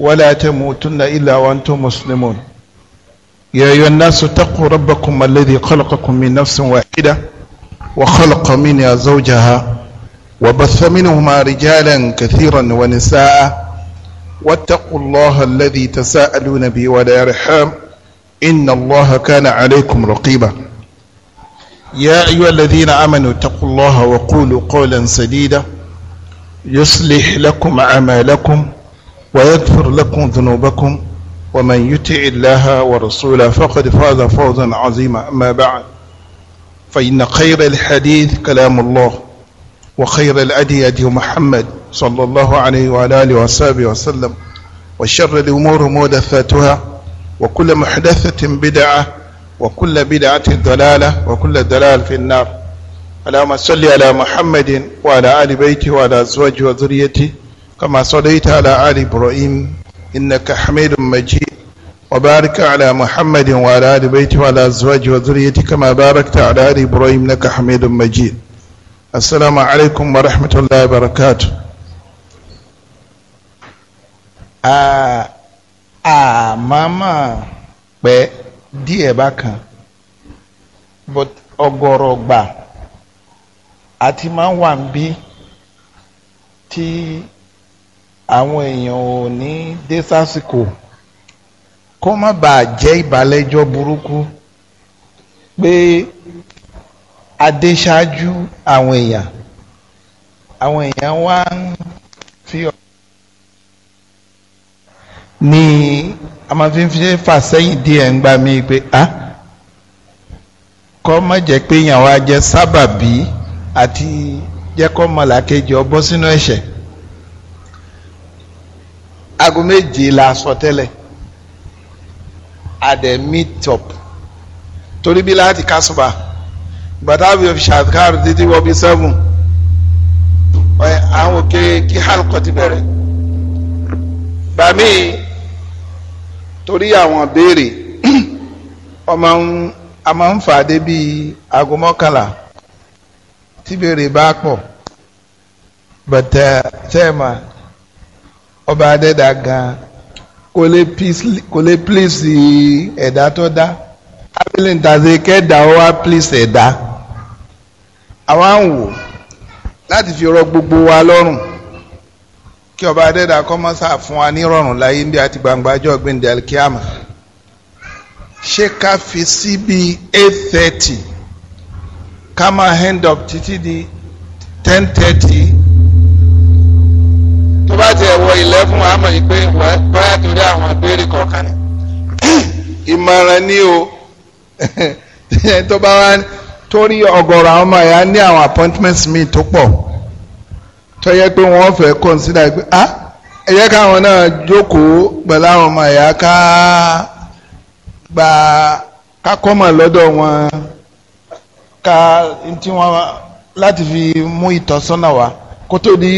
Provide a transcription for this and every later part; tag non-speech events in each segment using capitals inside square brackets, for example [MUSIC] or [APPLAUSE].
ولا تموتن إلا وأنتم مسلمون يا أيها الناس اتقوا ربكم الذي خلقكم من نفس واحدة وخلق منها زوجها وبث منهما رجالا كثيرا ونساء واتقوا الله الذي تساءلون به والارحام إن الله كان عليكم رقيبا يا أيها الذين آمنوا اتقوا الله وقولوا قولا سديدا يصلح لكم أعمالكم ويغفر لكم ذنوبكم ومن يطع الله ورسوله فقد فاز فوزا عظيما أما بعد فإن خير الحديث كلام الله وخير الأدي أدي محمد صلى الله عليه وعلى آله وصحبه وسلم وشر الأمور محدثاتها وكل محدثة بدعة وكل بدعة ضلالة وكل ضلال في النار اللهم صل على محمد وعلى آل بيته وعلى أزواجه وذريته كما صليت على آل إبراهيم إنك حميد مجيد وبارك على محمد وعلى آل بيته وعلى أزواجه وذريته كما باركت على آل إبراهيم إنك حميد مجيد السلام عليكم ورحمة الله وبركاته àmàmà pẹ́ díẹ̀ bákan but ọ̀gọ̀rọ̀ gbà àti máa ń wà ń àwọn èèyàn ò ní dé sásìkò kó má bàa jẹ́ ìbálẹ́jọ́ burúkú pé adéṣáájú àwọn èèyàn àwọn èèyàn wá ń fi ọ. ní a máa fi ń fi fà sẹ́yìn díẹ̀ ń gbà mí pé a ah, kọ́ má jẹ́ pé èèyàn wá jẹ́ sábàbí àti jẹ́ kọ́ mọ̀lá kejì ọ bọ́ sínú ẹ̀ṣẹ̀ aago méje la sọ tẹ́lẹ̀ adẹ meet up torí bí láti kásùbà gbàtà bí ọfi ṣàkàrù títí wọ bí sẹ́fùn ẹ àwọn òkè kí hàlùkọ́ ti bẹ̀rẹ̀ bàmí torí àwọn béèrè [CLEARS THROAT] ọmọ ń a ń fà á aago mọ́kànlá tí béèrè bá pọ̀ bàtà tẹ́ẹ̀mà uh, ọba adẹ́dà gan kò lè pílísì ẹ̀dá tó dá abẹ́lẹ̀ ntàzẹ́ kẹ́dà ó wá pílísì ẹ̀dá àwa ń wò láti fi rọ gbogbo wa lọ́rùn kí ọba adẹ́dà kọ́mọ́sà fún wa nírọ̀rùn láyé ní àti gbangba ọjọ́ gbẹ̀ndẹ̀ ṣé ká fi sí bíi eight thirty ká máa hand up títí di ten thirty tó bá ẹwọ wọ kpe wàá mọ̀ yìí pé báyà torí àwọn àbẹ́rẹ́ kọ̀ọ̀kan ni ìmọ̀ràn ni o tó bá wá torí àwọn ọmọ ní àwọn appointments tó pọ̀ tó yẹ pé wọn consider pé ah, ẹ káwọn náà jókòó àwọn ọmọ wọn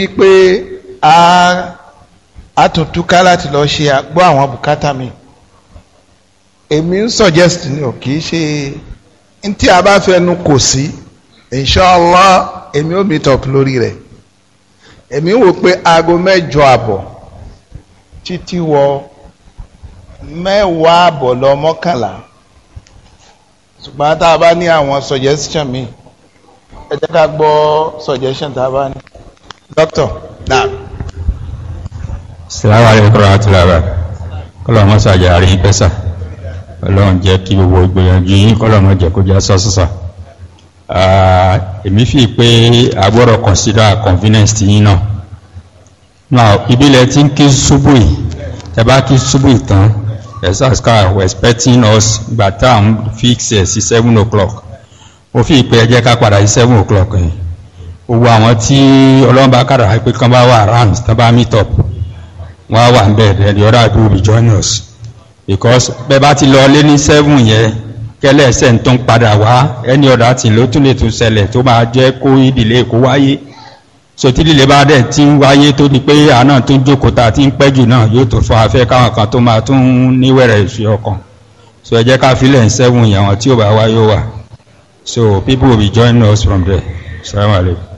ká a àtúntúká láti lọ ṣe gbọ́ àwọn bùkátà mi èmi ń suggest ni ò kì í ṣe n tí a bá fẹnu kò sí inshallah èmi ò meet up lórí rẹ̀ èmi wò pé aago mẹ́jọ àbọ̀ títí wọ mẹ́wàá àbọ̀ lọ mọ́kànlá ṣùgbọ́n tá a bá ní àwọn suggestion mi ẹ jẹ́ ká gbọ́ suggestion tá a bá ní. doctor naam. Assalamu alaikum warahmatullahi wabarakatuh kọ́lọ̀ mọ́ sàjà àrí pẹ́sà ọlọ́run jẹ́ kí gbogbo ìgbìyànjú yín kọ́lọ̀ mọ́ jẹ́ kó já sọ́sọ́sọ́ èmi fi pé agbọ́dọ̀ consider convenience ti yín náà now ìbílẹ̀ tí ń kí ṣubú yìí ẹ bá kí ṣubú yìí tán ẹ̀sà scar expecting us gba time fix ẹ̀ sí seven o'clock mo fi pé ẹ jẹ́ ká padà sí seven o'clock yìí gbogbo àwọn tí ọlọ́run bá kàdà pé kán bá wà round tán bá meet up wọ́n wà ń bẹ̀rẹ̀ the other people will join us because bẹ́ẹ̀ bá ti lọ lé ní seven yẹn kẹlẹ́ ẹsẹ̀ ń tún padà wá ẹni ọ̀dà tí ló tún lè tún ṣẹlẹ̀ tó máa jẹ́ kó ìdílé kó wáyé sotídìlé bá dẹ̀ ti ń wáyé di pé àná tún jókòó tá ń pẹ́ náà yóò tún fọ afẹ́ káwọn kan tó máa tún níwẹ̀rẹ̀ ìfi ọkàn so ẹ jẹ́ ká filẹ̀ seven yẹn àwọn tí ò bá wá wà so people will be joining us from there salaam aleykum.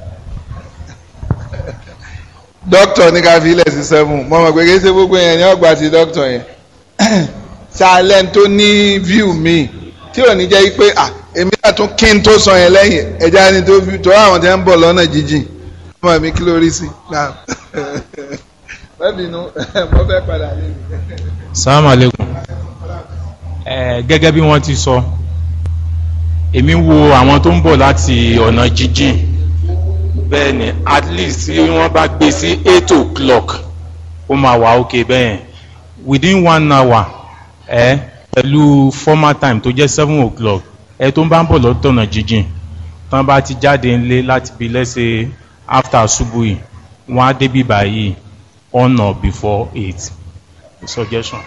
Doctor, ní ká fi ilẹ̀ sí seven mo mọ̀ pé kí ṣe gbogbo yẹn ní ọgbà ti dókítà yẹn ṣàlẹ̀ tó ní view mi tí ò ní jẹ́ pé à èmi náà tún kí n tó sọ yẹn lẹ́yìn ẹja ni tó fi tó àwọn tí wọ́n ń bọ̀ lọ́nà jíjìn ọmọ mi kí ló rí sí náà [LAUGHS] bẹ́ẹ̀bìnú [LAUGHS] mo fẹ́ padà lé mi. [LAUGHS] salaam aleykum gẹ́gẹ́ bí wọ́n ti sọ èmi wo àwọn tó ń bọ̀ láti ọ̀nà jíjìn bẹ́ẹ̀ ni at least tí wọ́n bá gbé sí eight o'clock ó máa wà ókè bẹ́ẹ̀ within one hour ẹ pẹ̀lú formal time tó jẹ́ seven o'clock ẹ tó ń bá ń bọ̀ lọ́tọ̀nà jíjìn tí wọ́n bá ti jáde ńlé láti bi lẹ́sẹ̀ after ṣubú yìí wọ́n á débí báyìí on before eight suggestion.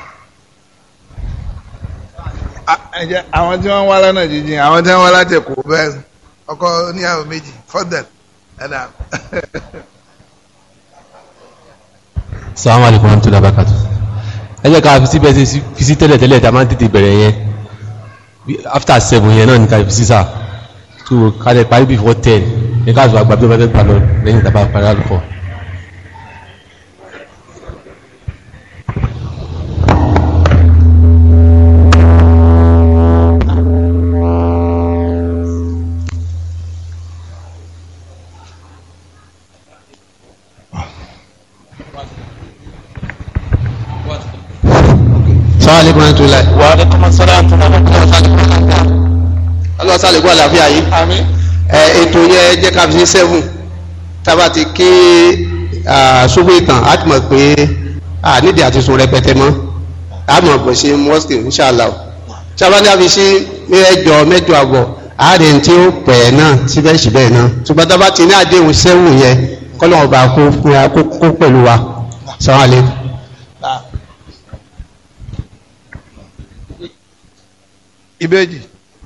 àwọn tí wọ́n ń wá lọ́nà jíjìn àwọn tí wọ́n ń wá látẹ̀kọ́ bẹ́ẹ̀ ọkọ oníyàwó méjì fọ́dẹ̀lì ẹ̀dá. salamu alaykum wa rahmatulahi wa barakatu. ẹ jẹ́ ká fi sí bẹ́ẹ̀ fi sí tẹ́lẹ̀ tẹ́lẹ̀ tá a máa ń tètè bẹ̀rẹ̀ yẹn after seven yẹn náà ní ká fi sí sá tó ká lè parí before ten ní ká àgbà bí wọ́n bá fẹ́ gbà lọ lẹ́yìn tá a bá parí àlùkò. sọ́wọ́n alẹ́ kúrò nítorí láì. wà á ní kọ́mọ sọ́dọ̀ àti nàbọ̀ kúrò sálẹ̀ kúrò láǹkà. ọlọ́wọ́ sálẹ̀ kúrò àlàáfíà yìí. àmín. ẹ ètò yẹn jẹ́ ká fi ṣe seven tába ti ké ṣubú ìtàn á ti mọ̀ pé nídìí àti sun rẹpẹtẹ mọ́ á mọ̀ bó ṣe mọ́sítì inṣàlá o. sábà ní a fi ṣe mẹ́jọ mẹ́jọ àbọ̀ àárẹ̀ tí ó pẹ̀ náà síbẹ̀síbẹ̀ náà ṣùgbọ́n tába ti ní àdéhùn seven yẹn kọ́lọ́wọ́ bá kó pẹ̀lú wa sọ́wọ́n alẹ́ kúrò. ibeji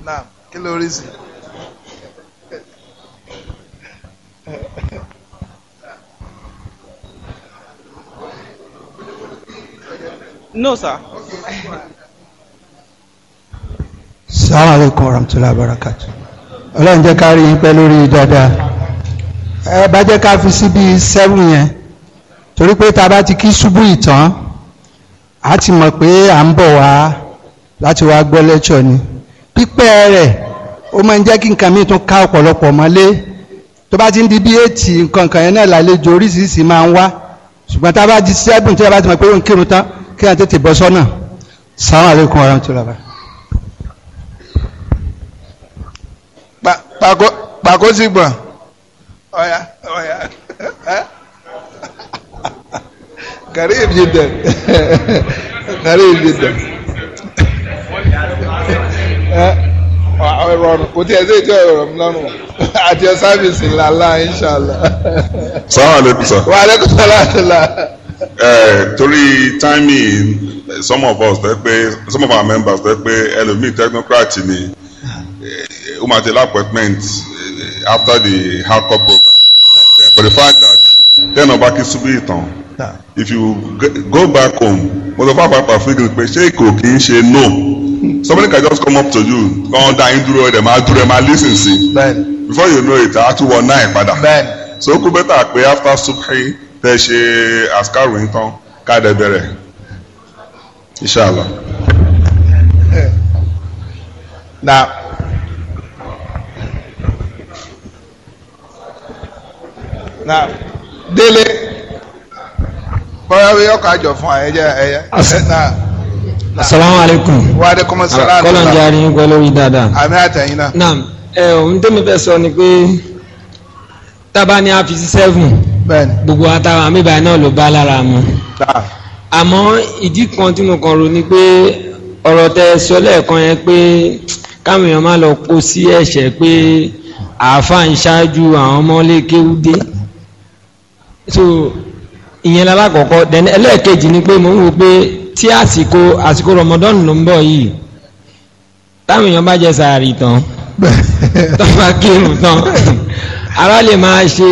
náà kí ló rí sí. no sir. salaam wa rahmatulahi wa barakatu. ọlọ́run jẹ́ ká rí yín pẹ́ lórí dáadáa. ẹ bá jẹ́ ká fi sí bíi seven yẹn torí pé tá a bá ti kí ṣubú ìtàn á ti mọ̀ pé à ń bọ̀ wá. láti wá gbọ́ lẹ́tọ̀ ni pípẹ́ rẹ̀ ó máa ń jẹ́ kí nǹkan mi tún ká ọ̀pọ̀lọpọ̀ mọ́lé tó bá ti ń di bí èètì nǹkan kan yẹn náà lálejò oríṣiríṣi máa ń wá ṣùgbọ́n tá a bá di sẹ́gùn tí a bá ti mọ̀ pé ó ń kírun tán kí a tètè bọ́ sọ́nà sàwọn àlékún ọ̀rọ̀ tó lọ́ba. pàkó sì gbọ̀n ọ̀yà ọ̀yà kàrí èmi dẹ̀ kàrí èmi dẹ̀ ọ̀rọ̀rùn kò tí ẹ ṣe jẹ́ ọ̀rọ̀rùn lọ́rùn àti ọ̀ sáfìsì làlá inṣàlá. sọ́wọ́n àlékún wà á lékún sọ láti là. torí táìmì some of us tẹ́ pé some of our members tẹ́ pé ẹlòmíì technocrat ni eh, ó máa ti lápẹ̀tment eh, after the hardcore program for the fact that tẹ́nà bá kí súbí ìtàn if you go back home mo sọ fún àpapọ̀ fún ìgbìmọ̀ pé ṣé ìkòkí ń ṣe no somebody can just come up to you kàn dá yín dúró ẹ̀dẹ̀ máa dúró ẹ̀ máa lis ten sí before you know it a tún wọ nine padà so kú bẹ́tà pé after subhi tẹ ṣe àṣkárù yín tán ká dẹ bẹ̀rẹ̀ inshallah. na na délé bọ́lá bí ọkọ̀ àjọ fún àyẹ̀jẹ̀ ẹ̀yẹ asalaamu aleykum. wa aleykum salaam. Ah, kọ́lọ̀ ń jaari yín pẹ̀lú yín dáadáa. àmì àtẹ̀yìn naam ẹ ohun tẹ́mi fẹ́ sọ ni pé tábà ní a fi seven. bẹ́ẹ̀ni. gbogbo àtàwọn àmì ìbáyìí náà ló bá lára mu. àmọ́ ìdí kan tí mo kàn rò ni pé ọ̀rọ̀ tẹ sọ lẹ́ẹ̀kan yẹn pé káwọn èèyàn máa lọ kó sí ẹ̀ṣẹ̀ pé àáfàá ń ṣáájú àwọn ọmọ lè so ìyẹn lálákọ̀ọ́kọ́ ẹlẹ́ẹ̀kejì ni pé mo ń wo pé tí àsìkò àsìkò Ramadan ló ń bọ̀ yìí táwọn èèyàn bá jẹ sàárì tán [LAUGHS] tọ́ba kírun tán ara lè máa ṣe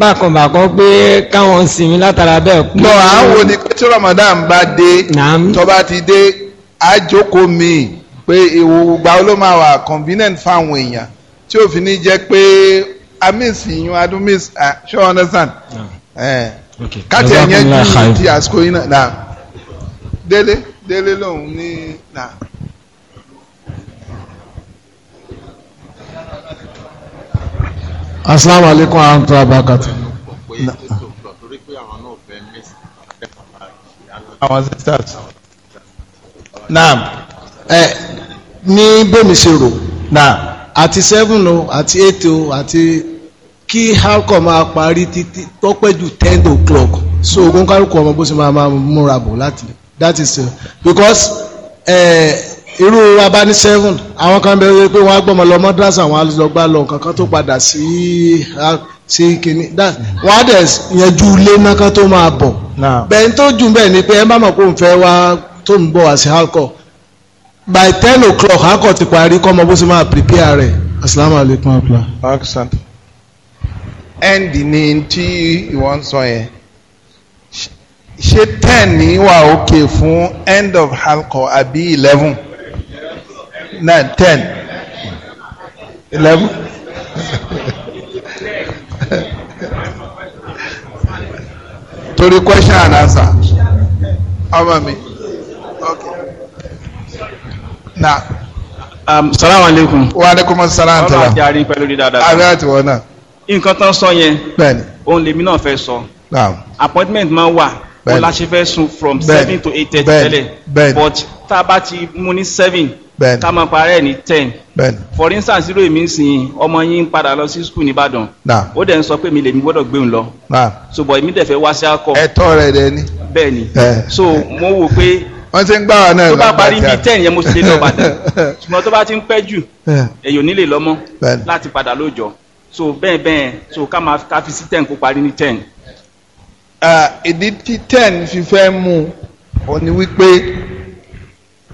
bákanbàkan pé káwọn sinmi látara bẹ́ẹ̀ kú. lọ à ń wo ni pé tí Ramadan bá dé tọ́ba ti dé àjókòó mi pé ìwò gbà ó ló máa wà convenient fáwọn èèyàn tí òfin ní jẹ́ pé i miss you i do miss uh, ah, sure understand. Eh, káàtì ẹ̀yẹn ju ti àsìkò yìí délé délé lòun ní nà. asalaamu aleykum wa rahmatulah abakata. àwọn sisters naam ẹ ní bẹ́ẹ̀mi na rò naam àti seven o àti eight o àti kí halcom máa parí títí tọ́pẹ́ ju ten o'clock so ogun kálukú ọmọ bó ṣe máa múra bọ̀ láti that is uh, because eh, irú abá seven àwọn kan bẹ̀rẹ̀ pé wọ́n á lọ mọ́dúrásà àwọn alùpàgbà lọ nǹkan tó padà sí sí kìíní wọ́n á dẹ̀ yanjú ilé náà tó máa bọ̀ bẹ́ẹ̀ tó jù bẹ́ẹ̀ ni pé ẹ bá mọ̀ kó n fẹ́ wá tó ń wá sí alcohol by ten o'clock alcohol ti parí kọ́ ọmọ bó ṣe máa prepare rẹ̀ asalaamualeykum abdullah. end ni sọ yẹn. ṣé ten ní wà okay, fún end of halkọ Abi eleven nine ten eleven. [LAUGHS] torí question and answer ọmọ mi okay na. Um, salamu aleykum. wa aleykum salaam tala. ọlọ́run àti arin pẹ̀lú rí dáadáa. abẹ́ àti wọn náà. nǹkan tán sọ yẹn. bẹ́ẹ̀ni. òun lèmi náà fẹ́ sọ. appointment máa wà bẹ́ẹ̀ni ọ̀la ṣe fẹ́ sùn from seven to eight thirty tẹ́lẹ̀ but tá a bá ti mú ní seven ká máa parẹ́ ní ten for instance irú èmi ń sìn ọmọ yín ń padà lọ sí school nìbàdàn ó dẹ̀ ń sọ pé mi lè mi gbọ́dọ̀ gbé òun lọ so but èmi dẹ̀ fẹ́ wá sí akọ ẹ̀tọ́ rẹ̀ dẹ̀ ni bẹ́ẹ̀ni so mo wò pé wọ́n ti ń gbá wa náà lọ́pàá tó bá parí bíi ten yẹn mo ṣe lọ bàtà [LAUGHS] ṣùgbọ́n tó bá ti ń pẹ́ jù èyàn nílè lọ́mọ láti padà lóòjọ́ so bẹ́ẹ̀ bẹ́ẹ̀ so ká fi sí ten kó parí ní ten ìdí tí ten fi fẹ́ mú ọ ni wípé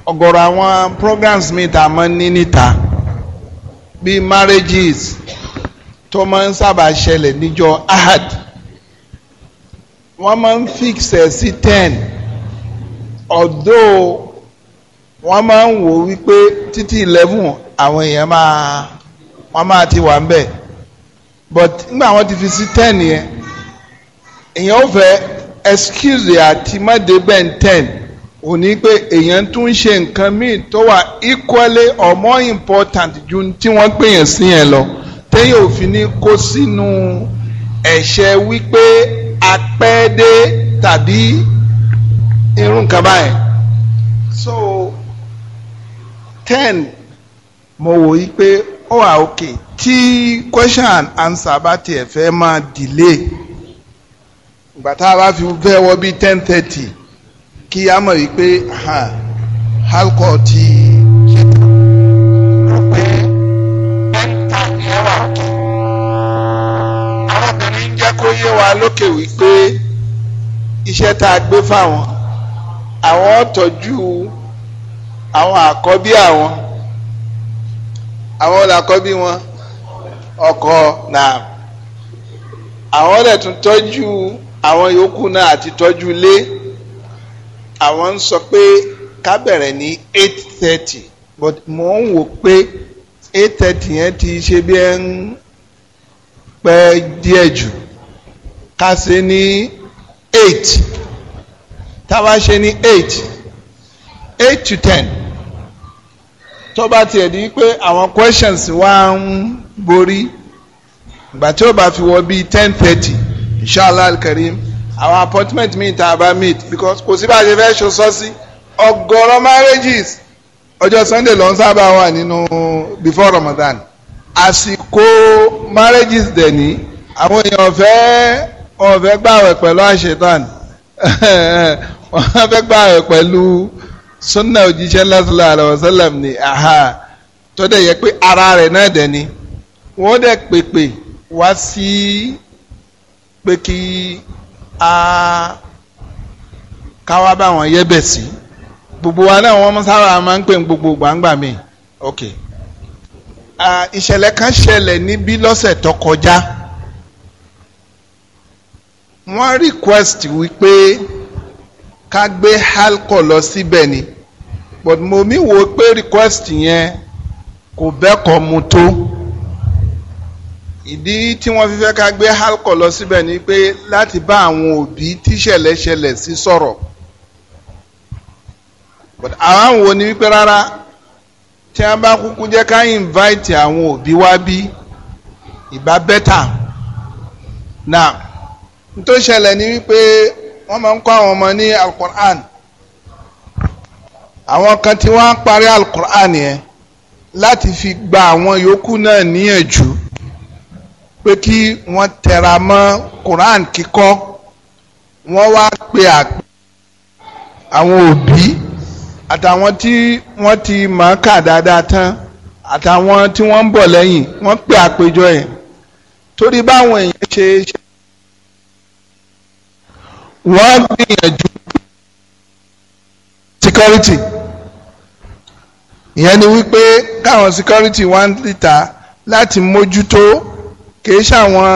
ọ̀gọ̀rọ̀ àwọn programs mi ta mọ́ ní níta bíi marriages tó máa ń sábà ṣẹlẹ̀ níjọ ahad wọ́n máa ń fix ẹ̀ sí ten although wọ́n máa ń wò wípé títí eleven àwọn èèyàn máa wọ́n máa ti wà ń bẹ̀ but nígbà wọ́n ti fi sí ten yẹn èèyàn ò fẹ́ excuse àti mọ́dé bẹ́ẹ̀ ten ò ní pé èèyàn tún ṣe nǹkan míì tó wà equally or more important ju tí wọ́n gbèyàn sí yẹn lọ téèyàn ò fi ní kó sínú ẹ̀ṣẹ̀ wípé apẹ́ẹ́dé tàbí irun kan báyẹn so ten mo wò yí pé ó wà òkè tí question and answer bá tiẹ̀ fẹ́ máa delay ìgbà tá a bá fi fẹ́ wọ bíi ten thirty kí a mọ̀ wípé halkọ ti. yé wa lókè wípé iṣẹ́ tá a gbé fáwọn àwọn tọ́jú àwọn àkọ́bí àwọn àwọn làkọ́bí wọn ọkọ náà àwọn lè tún tọ́jú àwọn yòókù náà àti tọ́jú ilé àwọn ń sọ pé ká bẹ̀rẹ̀ ní eight thirty but mò ń wò pé eight thirty yẹn ti ṣe bí ẹ ń pẹ́ díẹ̀ jù ká ṣe ní eight táwa ṣe ní eight eight to ten tó bá tiẹ̀ di pé àwọn questions wá ń borí ìgbà tí ó bá fi wọ bíi ten thirty inshallah alkarim our appointment meet ta bá meet because kò sí bá a ṣe fẹ́ ṣoṣọ́ sí ọgọ́rọ̀ marriages ọjọ́ sunday ló ń sábà wà nínú before ramadan àsìkò marriages dẹ̀ ní àwọn èèyàn fẹ́ wọ́n fẹ́ gbàwẹ̀ pẹ̀lú àṣetán [LAUGHS] wọ́n fẹ́ gbàwẹ̀ pẹ̀lú sunna òjíṣẹ́ lásìlá àlọ́wọ́sálàm ní aha tó dẹ̀ yẹ pé ara rẹ̀ náà dẹ̀ ni wọ́n dẹ̀ pèpè wá sí pé kí a káwá bá wọn yẹ́bẹ̀ sí gbogbo wa náà wọ́n sábà máa ń pè ní gbogbo gbàǹgbà mi ok ìṣẹ̀lẹ̀ kan ṣẹlẹ̀ níbí lọ́sẹ̀ tó kọjá wọ́n request wípé ká gbé halkọ lọ síbẹ̀ ni but mo mi wò pé request yẹn kò bẹ́ẹ̀ kọ́ mu tó ìdí tí wọ́n fi fẹ́ ká gbé halkọ̀ lọ síbẹ̀ ni pé láti bá àwọn òbí tíṣẹ̀lẹ̀ ṣẹlẹ̀ sí sọ̀rọ̀ but àwọn wo ni wípé rárá tí wọ́n bá kúkú jẹ́ ká invite àwọn òbí wá bí ìbá bẹ́tà now nítorí ṣẹlẹ̀ ni wípé wọ́n máa ń kọ́ àwọn ọmọ ní alukur'an àwọn kan tí wọ́n á parí alukur'an yẹn láti fi gba àwọn yòókù náà níyànjú pé kí wọ́n tẹra mọ́ Quran kíkọ́ wọ́n wá pe àpè àwọn òbí àtàwọn tí wọ́n ti máa kà dáadáa tán àtàwọn tí wọ́n ń bọ̀ lẹ́yìn wọ́n pe àpèjọ yẹn torí báwọn èèyàn ṣe ṣe wọ́n gbìyànjú security ìyẹn ni wípé káwọn security wá ń lítà láti mójútó kìí ṣàwọn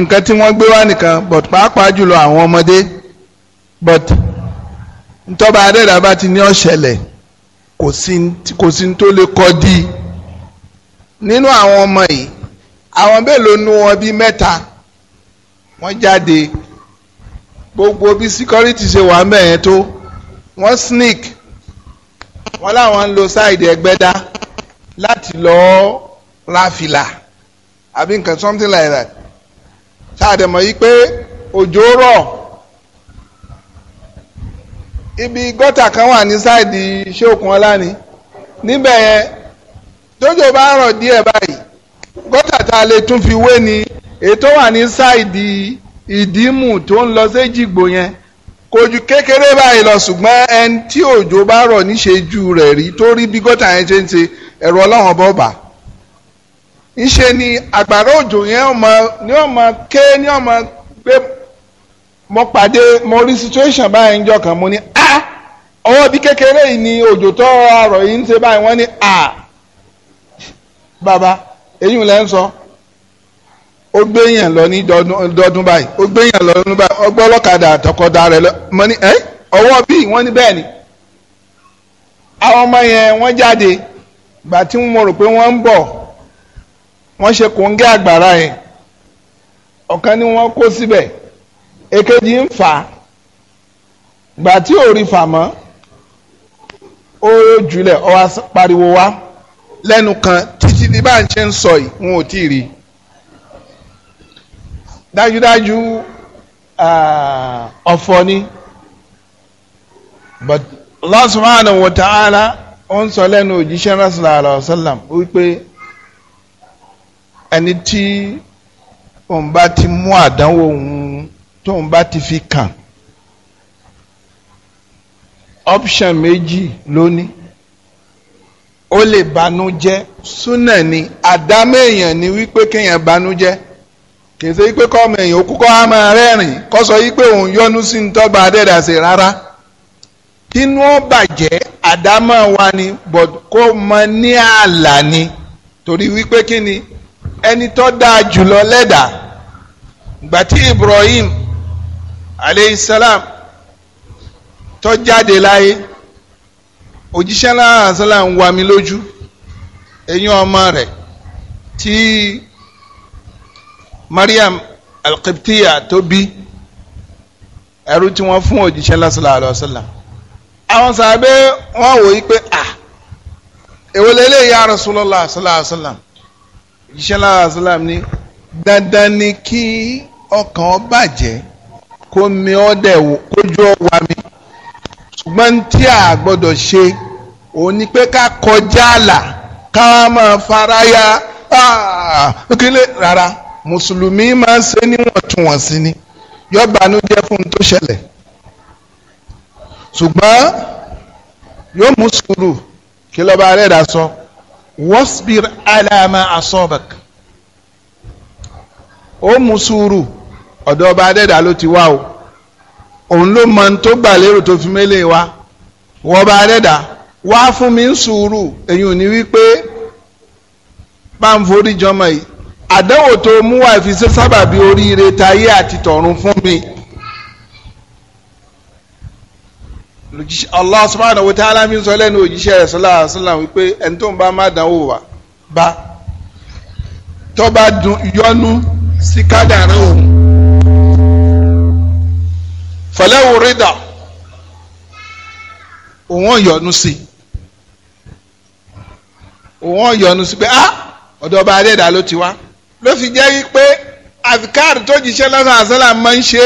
nǹkan tí wọ́n gbé wá nìkan but pàápàá jùlọ àwọn ọmọdé but ntọ́ba adẹ́dàá bá ti ní ọ̀ṣẹ̀lẹ̀ kò sí tó lè kọ́ di nínú àwọn ọmọ yìí àwọn bẹ́ẹ̀ ló nu wọn bíi mẹ́ta wọ́n jáde gbogbo bí security ṣe wà mẹ́ẹ̀ẹ́ tó wọ́n sneak wọ́n láwọn ń lo side ẹgbẹ́dá láti lọ́ọ́ ráfìlà àbí nǹkan something like that ṣáàdẹ̀mọ̀ yìí pé òjò rọ̀ ibi gọ́tà kan wà ní sáìdì ṣókun ọláni níbẹ̀ yẹn tójò bá rọ̀ díẹ̀ báyìí gọ́tà tá a lè tún fi wé ni ètò wà ní sáìdì ìdímù tó ń lọ séjìgbò yẹn kojú kékeré báyìí lọ ṣùgbọ́n ẹni tí òjò bá rọ̀ níṣe ju rẹ̀ rí tó bí gọ́tà yẹn ṣe ń ṣe ẹ̀rọ ọlọ́run ọba ọba. ńṣe ni àgbàrá òjò yẹn ọmọ ní ọmọ ké ní ọmọ pé mo pàdé mo rí situation báyìí ńjọ́ kan mo ní a ah! ọwọ́ bí kékeré yìí ni òjò tó àrọ̀ yìí ń ṣe báyìí wọ́n ní a bàbá eyín lẹ́ ń sọ ó gbé yàn lọ ní dọdún báyìí ó gbé yàn lọ ní báyìí ọgbọ́ ọlọ́kadà àtọkọ́dá rẹ̀ lọ mo ní ẹ ọwọ́ bí wọ́n ní bẹ́ẹ̀ ni àwọn ọmọ yẹn wọ́n jáde gbà tí mo rò pé wọ́n ń bọ̀. wọ́n ṣe kòńgẹ́ àgbàrá yẹn ọ̀kan ni wọ́n kó síbẹ̀ èkejì ń fà á gbà tí ò rí fà mọ́ ó jùlẹ̀ ọ wá pariwo wá lẹ́nu kan títí di bá ń ṣe ń sọ yìí wọn ò tí ì rí dájúdájú ọ̀fọ̀ ni but Allah subhanahu wa ta'ala ó ń sọ lẹ́nu òjíṣẹ́ sallallahu alaihi wasallam wípé. ẹni tí òun bá ti mú àdánwò òun tóun bá ti fi kàn option méjì lónìí ó lè banújẹ súnà ni àdámọ̀ èèyàn ni wípé kéèyàn banújẹ́ kì wípé kọ́mọ èèyàn òkú kọ́ á máa rẹ́rìn kọ́ wípé òun yọnu sí ní tọ́ba adẹ́dàsí rárá bàjẹ́ àdámọ̀ wa ni but kó mọ ní ààlà ni torí wípé kí ni ẹni tó dáa jùlọ lẹ́dà gbàtí Ibrahim aleyhisselam tó jáde láyé òjíṣẹ́ náà sọ́là ń wà mí lójú ẹ̀yìn ọmọ rẹ̀ tí Mariam alqibtiya tó bí ẹrú tí wọ́n fún òjíṣẹ́ lásìlá àlọ́sílá àwọn sàbẹ̀ wọ́n wò yí pé à ah, èwo lélẹ́yìí ya Rasulullah sallallahu alaihi wasallam ìṣẹ́lá salam ní dandan ni kí ọkàn bàjẹ́ kó mi ọ́ dẹ̀ kójú ọ́ wa mi ṣùgbọ́n tí a gbọ́dọ̀ ṣe òun ni pé ká kọjá àlà ká máa faraya ah, kílé rárá mùsùlùmí máa ń ṣe níwọ̀ntúnwọ̀nsí ni yọ́bànújẹ́ fún un tó ṣẹlẹ̀ ṣùgbọ́n yóò mú sùúrù kí lọ́ba rẹ̀ dá sọ. So wasbir alama ma asabak ó mú ọba adẹ́dà ló ti wá o òun ló mọ tó gbà lérò tó fi mélé wa wọ́n ọba adẹ́dà wá fún mi ń sùúrù èyí ò ní wípé bá ń forí jọmọ yìí àdánwò tó mú wá fi ṣe sábàbí oríire tayé àti tọ̀run fún mi. Allah subhanahu wa ta'ala mi sọ lẹ́nu òjíṣẹ́ rẹ̀ sallallahu alaihi wasallam wípé ba tó ń bá má dánwò wá bá tó bá yọnu sí kádàrá òun falahu rida òun yọnu sí òun yọnu sí pé ah ọ̀dọ̀ ọba adẹ́dà ló ti wá ló fi jẹ́ pé azkar tó jíṣẹ́ lọ́sàn-án sọ́là máa ń ṣe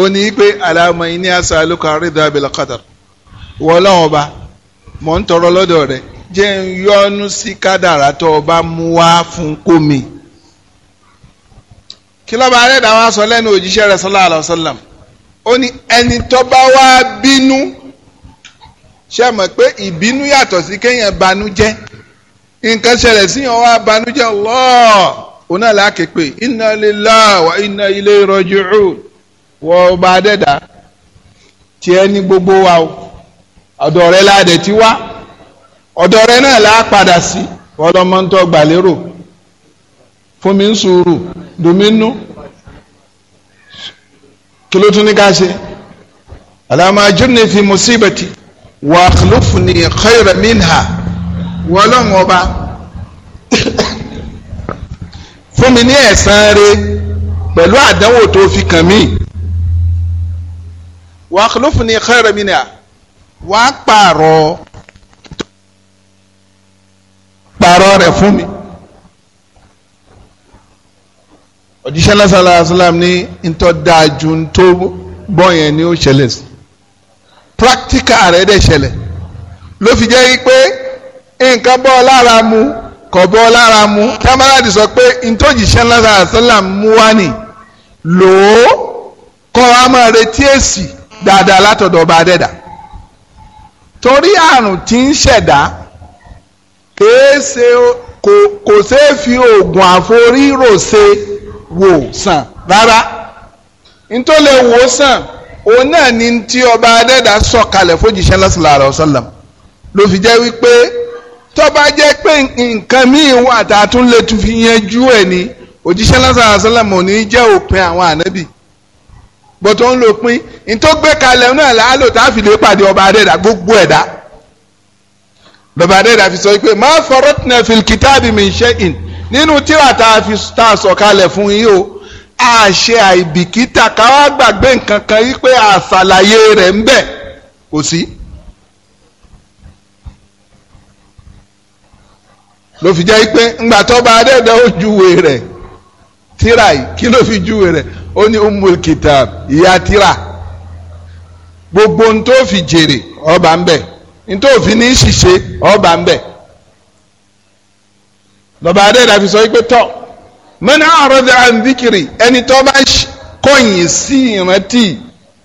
ó ní pé aláàmọ iní àṣà alókà rídà abẹ́lẹ̀ kọ́tàr wọlọ́wọ́ ọba mọ̀ ń tọrọ lọ́dọ̀ rẹ̀ jẹ́ ń yọnu sí kádàrá tó ọba mú wá fún kómi kí lọ́ba arẹ́dà wa sọ lẹ́nu òjíṣẹ́ rẹ̀ sallallahu alaihi wasallam ó ní ẹni tó bá wá bínú ṣe mọ̀ pé ìbínú yàtọ̀ sí kéèyàn banújẹ́ nǹkan ṣẹlẹ̀ síyàn wá banújẹ́ Allah òun náà láàkè pé inna lillahi wa inna ilayhi raji'un wọ ọba adẹ́dà tiẹ̀ ní gbogbo wa o ọ̀dọ̀ rẹ la dẹ̀ ti wá ọ̀dọ̀ rẹ náà la padà sí ọlọ́mọ́ntọ́ gbàlérò fún mi ń sùúrù domínú kí ló tún ní ká ṣe alama ajurni fi musibati wa akhlufni khayra minha wọlọ́n ọba [COUGHS] fún mi ní ẹ̀san rẹ̀ pẹ̀lú àdánwò tó fi kàn mí wà á kìlófin ní khayran minha wà á pààrọ̀ pààrọ̀ rẹ̀ fún mi. òjíṣẹ́ lásàlá asálàm ní ntọ́ dáa ju ntó bọ́ yẹn ní ó ṣẹlẹ̀ sí practical rẹ̀ dẹ̀ ṣẹlẹ̀ ló fi jẹ́ pé nǹkan bọ́ lára mu kọ̀ bọ́ lára mu támárádì sọ pé ntòjìṣẹ́ lásàlá asálàm mú wá nì lòó kọ́ wa máa retí èsì dáadáa látọ̀dọ̀ ọba adẹ́dà torí àrùn tí ń ṣẹ̀dá kò ṣeé fi oògùn àforírò ṣe wò sàn rárá nítorí lè wò sàn òun náà ni tí ọba adẹ́dà sọ̀kalẹ̀ fójìṣẹ́ lọ́sọ̀lá àrọ̀ sọ́lá ló fi jẹ́ wípé tọ́ba jẹ́ pé nǹkan míì wà tá a tún lè tún fi yanjú ẹ̀ ni òjíṣẹ́ lọ́sọ̀lá àrọ̀ sọ́lá ní jẹ́ òpin àwọn ànábì bó tó ń lò pín nítorí gbé kalẹ̀ náà láàlò tá a fi lè pàdé ọba adẹ́dà gbogbo ẹ̀dá lọ́ba adẹ́dà fi sọ pé má faratna fil kitabi min shay'in nínú tíra tá a fi tá a sọ kalẹ̀ fún yín o a ṣe àìbìkítà ká wá gbàgbé nǹkan kan yí pé àṣàlàyé rẹ̀ ń bẹ kò sí. ló fi jẹ́ pé ńgbà tó bá adẹ́dà ó júwe rẹ̀ tíra yìí kí ló fi júwe rẹ̀ ó ní umul kitab ìyá tírà gbogbo n tó fi jèrè ọba ń bẹ n tó fi ní ṣiṣe ọba ń bẹ lọba adéda fi sọ pé tọ mẹ́ni àròdà àǹdíkìrì ẹni tó bá kọ̀yìn sí ìrántí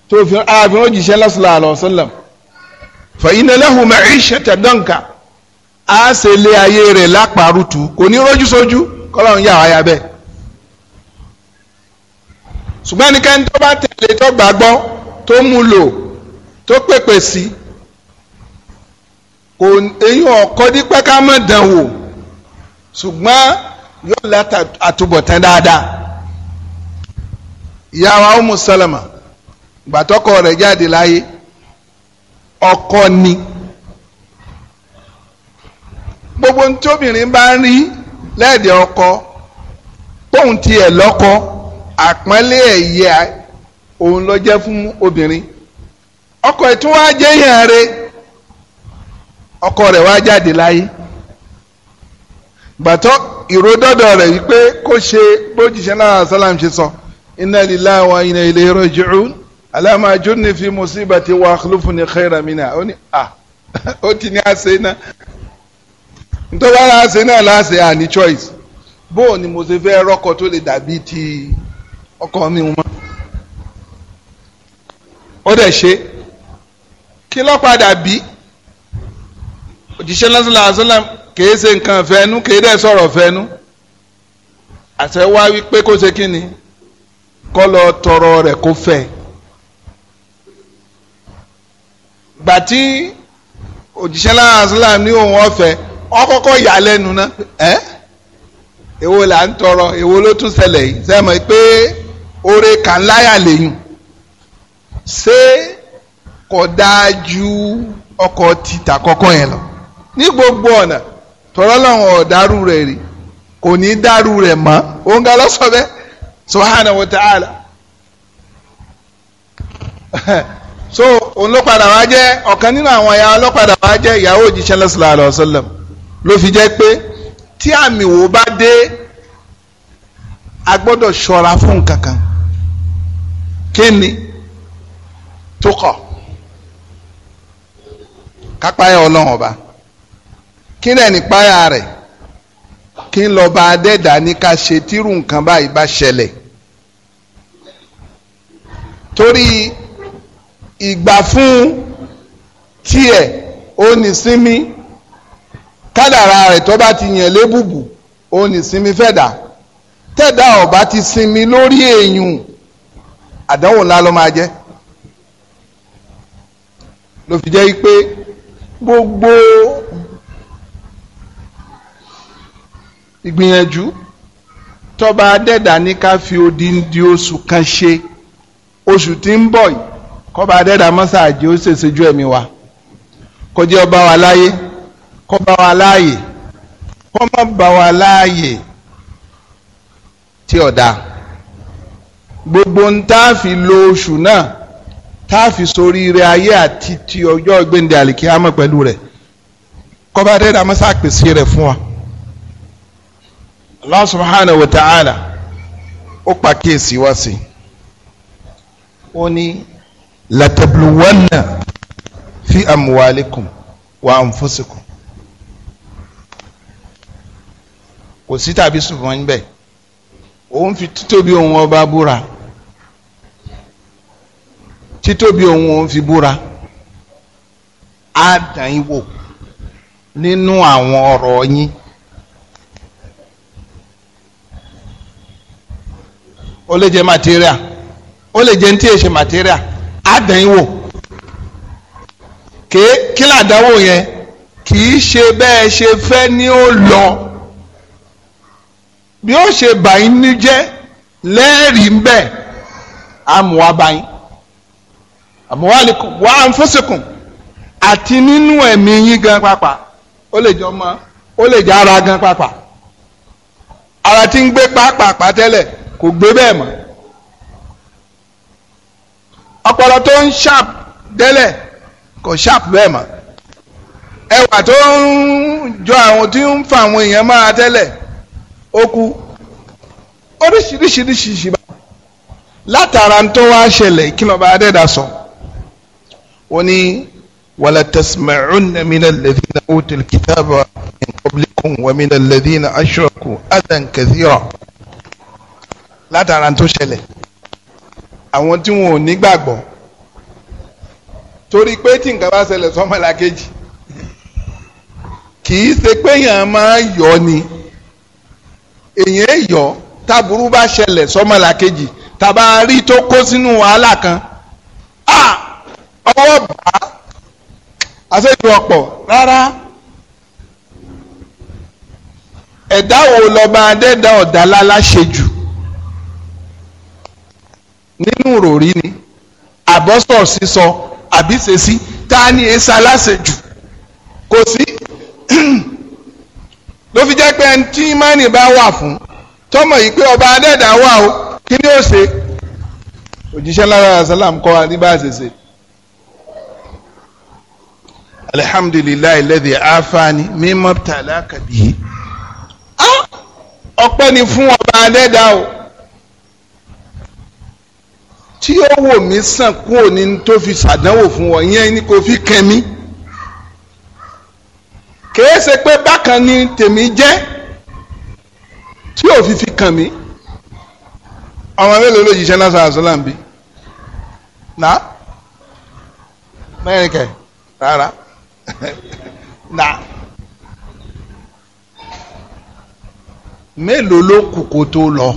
tó fi ààfin òjìṣẹ́ lọ́sọ̀lá àlọ́sọ́lá fẹ̀yìnà lẹ́hùn mẹ́rin ṣẹ̀tẹ̀ dọ́ǹkà á ṣe lé ayé rẹ̀ lápá rútu kò ní rójú sójú kọ́lọ́run yà wáyà bẹ́ẹ̀ ṣùgbọ́n ẹnikẹ́ni tó bá tẹ̀lé tó gbàgbọ́ tó mú lò tó pèpè sí kò eyín ọ̀kọ́ dípẹ́ ká mọ̀ dàn ṣùgbọ́n yóò láta àtúbọ̀tán dáadáa ìyá wa Umu Salama gbàtọ́kọ rẹ̀ jáde láyé ọkọ ni gbogbo ntóbìnrin bá ń rí lẹ́ẹ̀dẹ̀ ọkọ póun tiẹ̀ lọ́kọ àpọ́nlé ẹ̀yẹ òun ló jẹ́ fún obìnrin ọkọ ẹ̀ tún wá jẹ́ ọkọ rẹ̀ wá jáde láyé gbàtọ́ ìródọ́dọ̀ rẹ̀ wípé kó ṣe bójìṣẹ́ náà sálàm ṣe sọ inna lillahi wa inna ilayhi raji'un alama ajurni fi musibati wa akhlufni khayran minha ó ní à ó ti ní àṣẹ náà nítorí wàá náà láṣẹ àní choice bóò ni mo ṣe fẹ́ rọ́kọ tó lè dàbí ti ọkọ mi mọ́ ó dẹ̀ ṣe kí ló padà bí òjíṣẹ́ lọ́sọ̀lá àṣọlá kìí ṣe nǹkan fẹ́nu kìí dẹ̀ sọ̀rọ̀ fẹ́nu àṣẹ wá wípé kó ṣe kí ni kọ́ lọ tọrọ rẹ̀ kó fẹ́ gbàtí òjíṣẹ́ lọ́sọ̀lá àṣọlá ní òun ọ̀fẹ́ ọkọ́kọ́ yà lẹ́nu náà ẹ́ èwo là ń tọrọ èwo ló tún ṣẹlẹ̀ yìí sẹ́mọ̀ pé. oore kan láyà lẹ́yìn ṣé kò dáa ju ọkọ̀ títà kọ́kọ́ yẹn lọ ní gbogbo ọ̀nà tọ́rọ́ làwọn ọ̀darú rẹ̀ rí kò ní dárú rẹ̀ mọ́ òun ga lọ́sọ̀ bẹ́ẹ̀ wa ta'ala [LAUGHS] so òun ló padà wá jẹ́ ọ̀kan nínú àwọn ẹ̀yà ọlọ́padà wá jẹ́ ìyàwó òjíṣẹ́ sallallahu alaihi ló fi jẹ́ pé tí àmì bá dé a gbọ́dọ̀ ṣọ́ra fún kan. kíni tó kọ̀ kápáyà ọlọ́run ọba kí lẹ́ ní páyà rẹ̀ kí n lọ́ba adẹ́dà ní ká ṣe tírú nǹkan báyìí bá ṣẹlẹ̀ torí ìgbà fún tiẹ̀ ó ní sinmi kádàrá rẹ̀ tó bá ti yàn lébùbù ó ní sinmi fẹ́dà tẹ́dà ọba ti sinmi lórí èèyàn àdánwò ńlá ló máa jẹ́ ló fi jẹ́ pé gbogbo ìgbìyànjú tọ́ba adẹ́dà ní ká fi odindi oṣù kan ṣe oṣù tí ń bọ̀ yìí kọ́ba adẹ́dà mọ́sáàjì ó ṣèṣe ju ẹ̀mí wa kọjá ọba wa láyé kọba wa láàyè kọ́mọ́ bá wa láàyè tí ọ̀dà gbogbo ń tá a fi lo oṣù náà tá a fi sórí rẹ ayé àti ti ọjọ́ ìgbéǹde àlìkíyàmọ̀ pẹ̀lú rẹ̀ kọ́ba dẹ́rẹ́ amásá pèsè rẹ̀ fún wa. Allah subhanahu wa ta'ala ó pàkíyèsí wá sí ó ní latabluwanna fi amwalikum wa anfusikum kò sí tàbí ṣùgbọ́n níbẹ̀ òun fi títóbi òun ọba búra títóbi òun òun fi búra á dàn yín wò nínú àwọn ọ̀rọ̀ yín. ó lè jẹ́ material ó lè jẹ́ ntí èsè material á dàn yín wò kí làdánwò yẹn kì í ṣe bẹ́ẹ̀ ṣe fẹ́ ni ó lọ bí ó ṣe bàyín níjẹ́ lẹ́ẹ̀rí ń bẹ̀ á mú àmúwálìkùn wa á ń fọ́sẹ̀kùn àti nínú ẹ̀mí yín gan pápá ó lè jọ mọ́ ó lè jẹ́ ara gan pápá ara tí ń gbé pápá tẹ́lẹ̀ kò gbé bẹ́ẹ̀ mọ́ ọpọlọ tó ń sharp tẹ́lẹ̀ kò sharp bẹ́ẹ̀ mọ́ ẹwà tó ń jọ àwọn tí ń fa àwọn èèyàn mára tẹ́lẹ̀ ó kú oríṣiríṣiríṣi ṣìbá látara tó wá ṣẹlẹ̀ kí lọ́ba adẹ́dà sọ. So ó ولا تسمعن من الذين alladhina الكتاب من قبلكم ومن الذين أشركوا alladhina ashraku لا kathira látara tó ṣẹlẹ̀ àwọn tí wọn ò nígbàgbọ́ torí pé tí nǹkan bá ṣẹlẹ̀ sọ́mọlàkejì kì í ṣe pé èèyàn máa yọ ni èèyàn yọ táburú bá ṣẹlẹ̀ sọ́mọlàkejì tàbá rí tó kó sínú wàhálà kan ah ọwọ́ bá àṣejù ọ̀pọ̀ rárá ẹ̀dá wo lọ́ba adẹ́dá ọ̀dà láláṣejù nínú ròrí ni àbọ́sọ̀ sísọ àbíṣesí tá a ní esa láṣejù kò sí ló fi jẹ́ pé ẹni tí imáni bá wà fún tọmọ yìí pé ọba adẹ́dá wà o kí ni ó ṣe òjíṣẹ́ lára àṣálàm kọ́ adébáṣeṣe alhamdulilayi lẹ́dí afáàní mímọ́ tààlà kàbí. ọpẹ́ ni fún ọba adẹ́dá o tí ó wò mí sàn kúrò ní tó fi ṣàdánwò fún ọ yẹn ni kò fi kàn mí kìí ṣe pé bákan ni tèmi jẹ́ tí ò fi fi kàn mí ọmọ mélòó ló yìí ṣe náà náà mẹ́rin kẹ̀ rárá. [LAUGHS] na mélòó ló kù tó lọ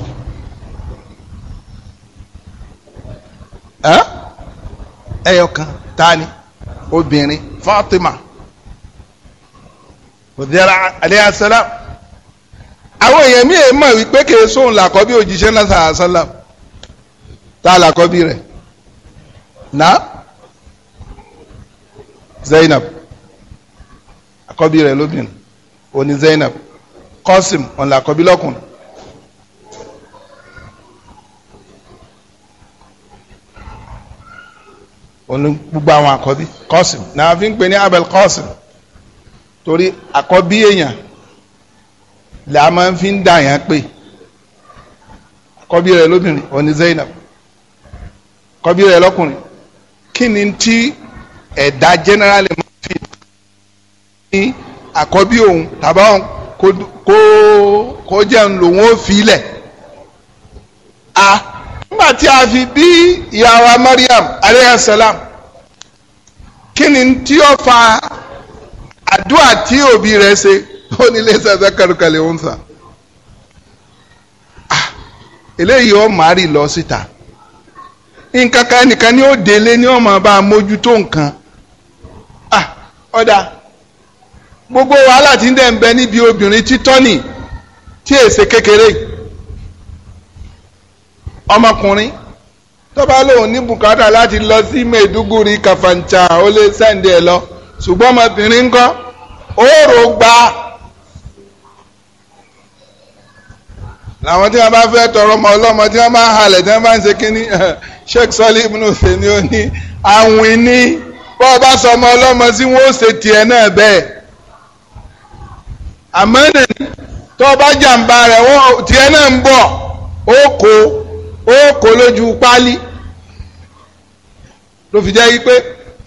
ẹyọkan tani obìnrin Fatima òdìyàrá aleyhi àwọn èèyàn mi èè mọ̀ wípé kì í sóhun làkọ́bí na tá a Zainab. àkọ́bí rẹ̀ lóbìnrin òní Zainab Qasim òun là àkọ́bí lọ́kùnrin. òun gbogbo àwọn àkọ́bí Qasim náà fi ń pè ní Abel Qasim torí àkọ́bí èèyàn là á máa fi ń dà yàn pé àkọ́bí rẹ̀ lóbìnrin òní Zainab àkọ́bí rẹ̀ lọ́kùnrin kí ni tí ẹ̀dá generally ní àkọ́bí òun tàbá òun kó kó jẹun lòun ó fi lẹ̀ a nígbà tí a fi bí ìyàwó Mariam aleyhisselam kí ni tí ó fa àdúrà tí òbí rẹ̀ ṣe ó ní lẹ́sẹ̀ zakarukale ń sà eléyìí ó màárì lọ síta nǹkan kan nìkan ni ó délé ni ó máa bá a mójútó nǹkan ah ọ̀dà. gbogbo wàhálà tí ń dẹ̀ ń bẹ níbi obìnrin títọ́ nì tí èsè kékeré ọmọkùnrin tó bá ní bùkátà láti lọ sí Kafancha ó lè sẹ́ǹdì ẹ̀ lọ ṣùgbọ́n ọmọbìnrin ńkọ́ òórò gba làwọn tí wọn bá fẹ́ tọrọ ọmọ ọlọ́mọ tí wọn bá ń halẹ̀ tí wọn bá ń ṣe kínní [LAUGHS] ibùnú ṣe ni àmọ́nà tó bá jàǹbá rẹ̀ wọ́n tiẹ̀ náà ń bọ̀ ó kó ó kó lójú pálí ló fi jẹ́ pé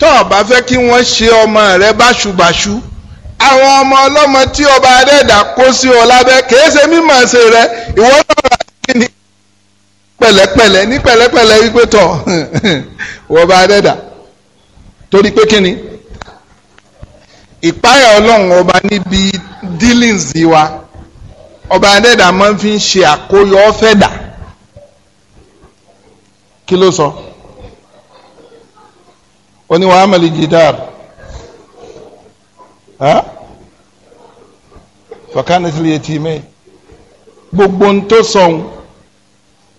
tó o bá fẹ́ kí wọ́n ṣe ọmọ rẹ báṣubàṣu àwọn ọmọ ọlọ́mọ tí ọba adẹ́dà kó sí ọ lábẹ́ kìí ṣe mímọ̀ ṣe rẹ ìwọ náà rà kí ni pẹ̀lẹ́pẹ̀lẹ́ ní pẹ̀lẹ́pẹ̀lẹ́ wípé tọ̀ [LAUGHS] ọba adẹ́dà torí pé kí ni ìpáyà ọlọ́run ọba níbi dealings wa ọba adẹ́dà máa fi ń ṣe àkóyọ fẹ́dà kí ló sọ oníwà amẹ́lì jìdáàr fọkànlẹ́sílì etí mẹ́ gbogbo ń tó sọ̀hún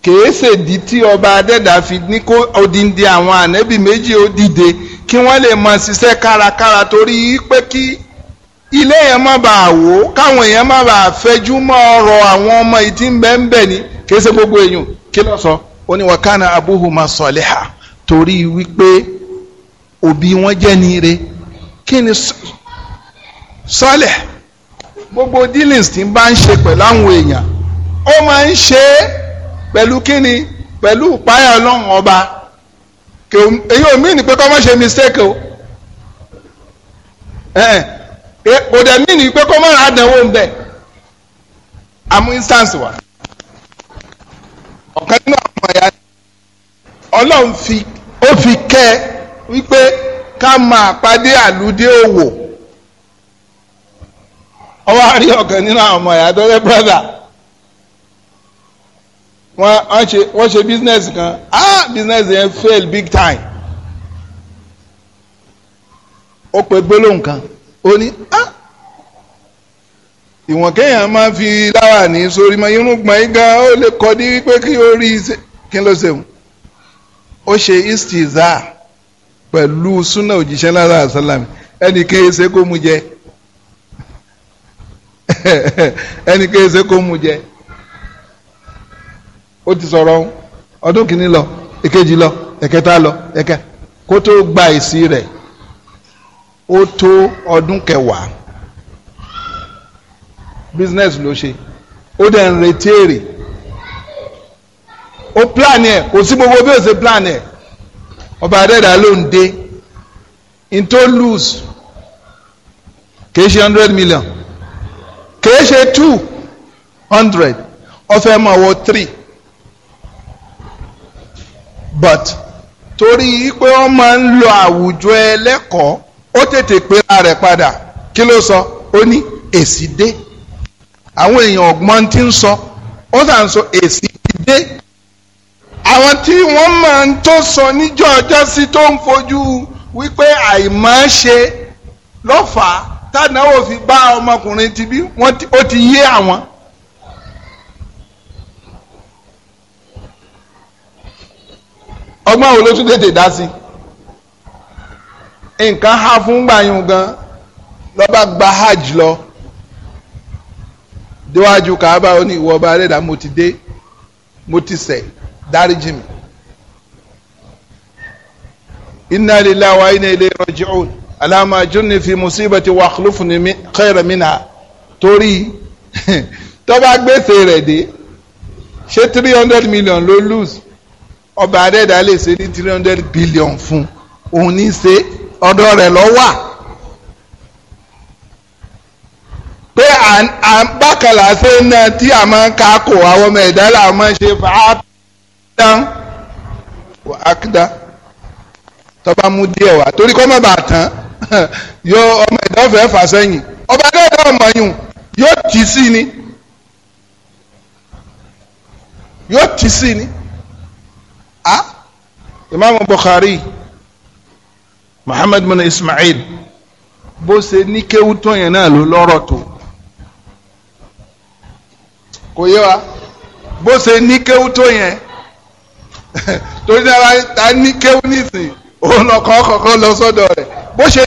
kèésèdí tí ọba adẹ́dà fi ní kó odindi àwọn ànẹ́bì méjì ó dìde kí wọ́n lè máa ṣiṣẹ́ kárakára torí pé kí ilé yẹn má bàa wò káwọn èèyàn má bàa fẹjú mọ́ ọ̀rọ̀ àwọn ọmọ yìí tí ń ni kì í gbogbo èèyàn kí ló sọ ó ní wakana abuhuma sọlẹ́hà torí wípé òbí wọn jẹ́ nire kí ni sọlẹ̀ gbogbo dealings ti bá ń ṣe pẹ̀lú àwọn èèyàn ó máa ń ṣe pẹ̀lú kí ni pẹ̀lú ìpáyà ọlọ́run ọba èyí ò mí ni pé kọ́ ṣe mistake o. Eh, kò dẹ̀ mí ni pé kó má ra àdánwò ń bẹ̀ àmú instance wa ọ̀kan nínú àwọn ẹ̀yà ọlọ́run fi ó fi kẹ́ ẹ wípé ká máa pàdé àlùdé òwò ọwọ́ àrí ọ̀kan nínú àwọn ẹ̀yà dọ́lẹ́ brọ́dà wọ́n ṣe wọ́n ṣe business kan ah business yẹn fail big time ó pe gbólóhùn kan ó ní ìwọ̀n kéèyàn máa fi ní sórí mọ́ irúgbọ̀n igá ó lè kọ́ ní wípé kí ó rí kí ló ṣeun ó ṣe istiza pẹ̀lú súnà òjíṣẹ́ lára àsálàmì ẹnì kéè kó mu jẹ [LAUGHS] ẹnì kéè kó mu jẹ ó ti sọ̀rọ̀ ọdún kìíní lọ èkejì lọ ẹ̀kẹta lọ ẹ̀kẹ kó tó gba rẹ̀ ó tó business ló ṣe ó dẹ̀ ń retí èrè ó plan ẹ̀ kò sí gbogbo bí ó ṣe plan ẹ̀ ọba adẹ́dà ló ń dé in tó lose kìí ṣe hundred million kìí ṣe two hundred ọfẹ́ mọ̀ wọ three but torí pé wọ́n máa ń lo àwùjọ ẹlẹ́kọ̀ọ́ ó tètè pé ara rẹ̀ padà kí ló sọ ó ní èsì dé àwọn èèyàn ọ̀gbọ́n ti ń sọ ó sà ń sọ èsì ti dé àwọn tí wọ́n máa ń tó sọ níjọ́ ọjọ́ sí tó ń fojú wípé àìmọ̀ọ́ṣe lọ́fàá tàdáwò fi bá ọmọkùnrin ti bí ó ti yé àwọn. ọgbọ́n àwọn olótú tètè dá sí nǹkan há fún gbàyàn gan lọ́ba gba hajj lọ déwájú kàábà ó ní ìwọ ọba ẹlẹ́dàá mo ti dé mo ti ṣẹ̀ dáríjì mi. inna lillahi wa inna ilayhi raji'un alama ajurni fi musibati wa akhlufni khayran minha torí [LAUGHS] tọ́ba gbèsè rẹ̀ dé ṣé three hundred million ló lose ọba adẹ́dàá lè ṣe ní three hundred billion fún òun ní ṣe ọ̀dọ̀ rẹ̀ ló wà. pé à ń bákàlà ṣe ń ná tí a máa ń ka kò àwọn ọmọ ẹ̀dá là máa ń ṣe fàádán wà tọ́ba mú díẹ̀ wá torí kọ́ mọ̀ bá tán [LAUGHS] yóò ọmọ ẹ̀dá fẹ́ fà sẹ́yìn ọba dẹ́ẹ̀dá ọmọ yìí yóò tì sí ni yóò tì sí ni a imaamu Bukhari Muhammad bin Ismail bó ṣe ní kéwú yẹn náà ló lọ́rọ̀ tó. kò yé wa bó ṣe ní kéwú tó yẹn [LAUGHS] torí náà ta ní kéwú òun lọ sọ́dọ̀ rẹ bó ṣe